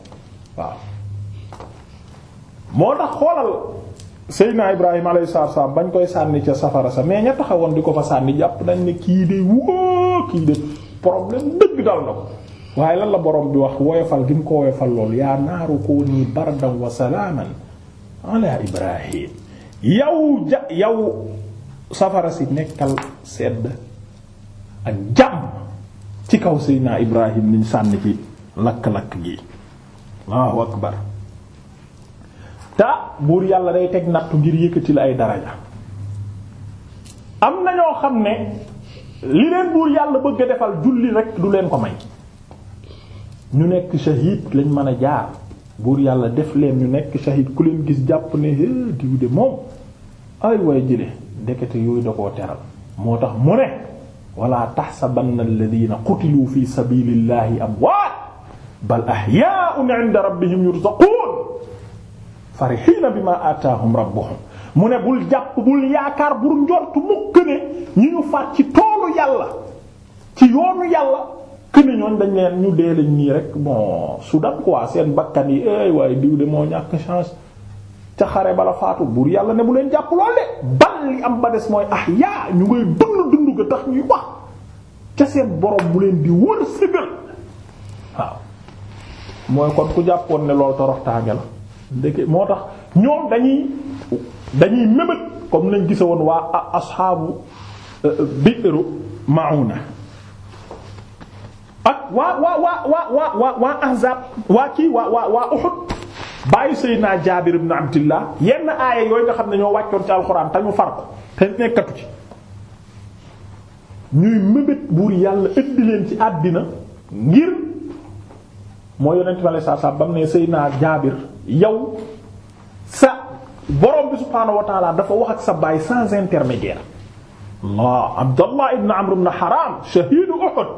waaw moo tax xoolal Seydina Ibrahima alayhi salaam bañ koy sànni ca safara sa mais ñett taxawoon di ko fa sànni jàpp nañ ne kii de wóo kii de problème dëgg dal na ko waaye lan la borom bi wax woyofal gi mu ko woyofal loolu yaa naaru kuuni bardan wa salaaman ala ibrahim yow ja yow safara si nekkal sedd ak jàmm ci kaw seydinaa ibrahim niñ sànni ci lakk-lakk gi allahu akbar ta buur yàlla day teg nattu ngir yëkkati la ay daraja am na ñoo xam ne li leen buur yàlla bëgg a defal julli rek du leen ko may ñu nekk shahid lañ mën a jaar buur yàlla def leen ñu nekk shahid ku leen gis jàpp ne diw de moom ay waay jële ndekete yooyu da koo teral moo tax mu ne wala taxsabanna alladina qutilu fi sabilillahi amwaat bal ahyaa'un 'inda rabbihim yurzaqun farihiina bima aataahum rabbuhum mu ne bul jàpp bul yaakaar bul njortu mukk ne ñu ñu faat ci toolu yàlla ci yoonu yàlla këni ñoon dañ leen ñu dee lañ nii rek bon su dam quoi seen bakkan yi ay eh, waaye diw de moo ñàkk chance ca xare bala faatu buur yàlla ne bu leen jàpp lool de bal li am ba des mooy ah yaa ñu ngay dund dund ga tax ñuy wax ca seen borom bu leen di wër sëgal waaw mooy kon ku jàppoon ne loolu toroxtaange la ndeke moo tax ñoom dañuy dañuy mébét comme nañ gise woon waa asxaabu euh, euh, biiru mauna ak waa waa waa waa waa waa waa ahzab waa kii waa waa waa uhud bàyyi sayyidina jaabir ibn abdillah yenn aaya yooyu nga xam ne ñoo wàccoon ci alxuraan te ñu far ko te nekkatu ci ñuy mébét buur yàlla indi leen ci àddina ngir moo yonent bi sallallahu alayhi wasallam bam ne sayyidina jaabir yow borom bi subhaanahu wa dafa wax ak sa baay sans intermédiaire Allah Abdallah ibn Amr ibn Haram shahiid Uhud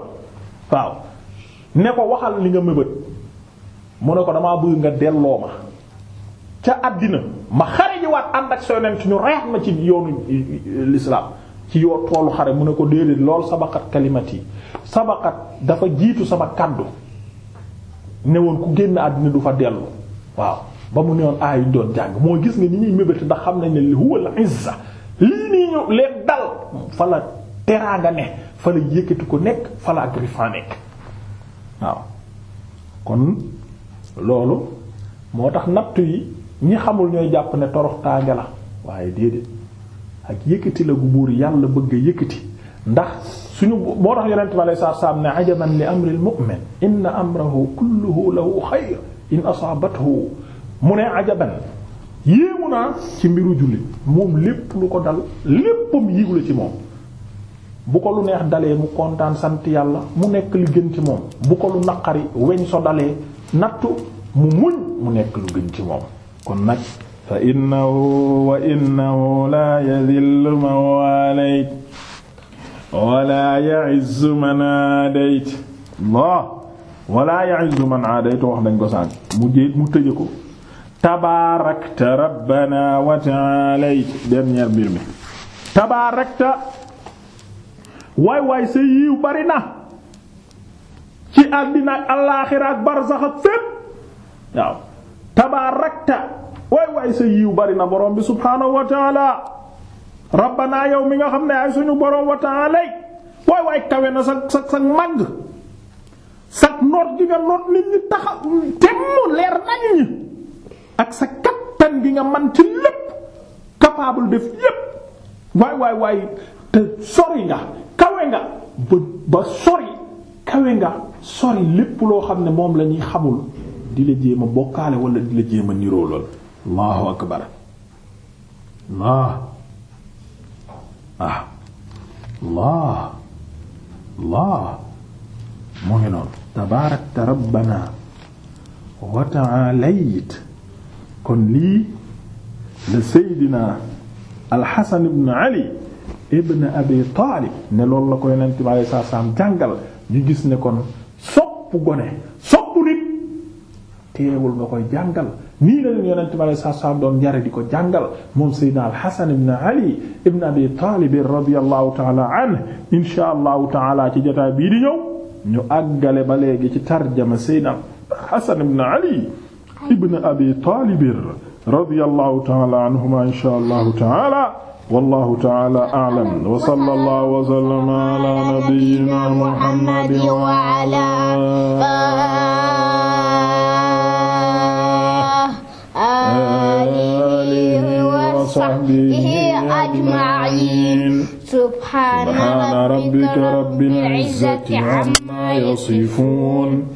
waaw ne ko waxal li nga mëbët mu ne ko damaa bëgg nga delloo ma ca àddina ma xare ji waat ànd ak sa yonent ñu reex ma ci yoonu eh, eh, l'islam ci toolu xare mu ne ko déedéet lool sabaqat kalimat yi sabaqat dafa jiitu sama kàddu ne woon ku génn àddina du fa dellu waaw ba mu newoon aay yuñ doon jàng mooy gis nga ni ñuy mébéti ndax xam nañ ne huwa al izza lii nii ñu leen dal fa la teraanga ne fa la yëkkati ko nekk fa la agrifa nekk waaw kon loolu moo tax nattu yi ñi xamul ñooy jàpp ne toroxtaange la waaye déedéet ak yëkkati la gu buur yàlla bëgg a yëkkati ndax suñu moo tax yonent bi alayhi salaatu salaam ne ajaban li amril mu'min inna amrahu kulluhu lahu xayr in asaabathu mu ne ajaban yéemu naa ci mbiru jullit moom lépp lu ko dal léppam yiw ci moom bu ko lu neex dalee mu kontaan sant yàlla mu nekk li gën ci moom bu ko lu naqari weñ so dalee nattu mu muñ mu nekk lu gën ci moom kon nag fa innahu wa innahu la yadhillu man walayt wa la ya'izzu man adayt Allah wa la ya'izzu man adayt wax nañ ko sànk mu jéet mu tëje ko tabaarakta rabbana wa ta'aalay dernier mbir mi tabaarakta waay waay sa yiw bari na ci àddina ak alaaxira ak barzax ak fépp waaw tabaarakta waay waay sa yiw bari na borom bi subhaanahu wa ta'aala rabbana yow mi nga xam ne ay suñu borom wa ta'aalay waay waay kawe na sa sa sa noot gi noot nit ñi taxa temm leer nañ ak sa kattan bi nga man ci lépp capable def lépp waay waay waay te sori nga kawe nga ba sori kawe nga sori lépp loo xam ne moom la ñuy xamul di la jéem bokkaale wala di la jéem niroo lool allahu akbar allah ah allah allah mu ngi noonu tabaarakta rabbana wa ta'alayt kon lii le Seydina Alxasan ibn Ali ibn Abi Taalib ne loolu la ko yonent bi alayhi salaam jàngal gis ne kon sopp koy jàngal nii di ko jàngal moom Seydina Alxasan ibn Ali ibn bii di ñëw léegi ci tarjama Seydina Alxasan Ali ibn abi taalib radiyallahu ta'ala anhuma insha allahu ta'ala wallahu ta'ala a'lam wa sallallahu wa sallama ala nabiyyina muhammad wa ala alihi wa sahbihi ajma'in subhana rabbika rabbil izzati amma yasifun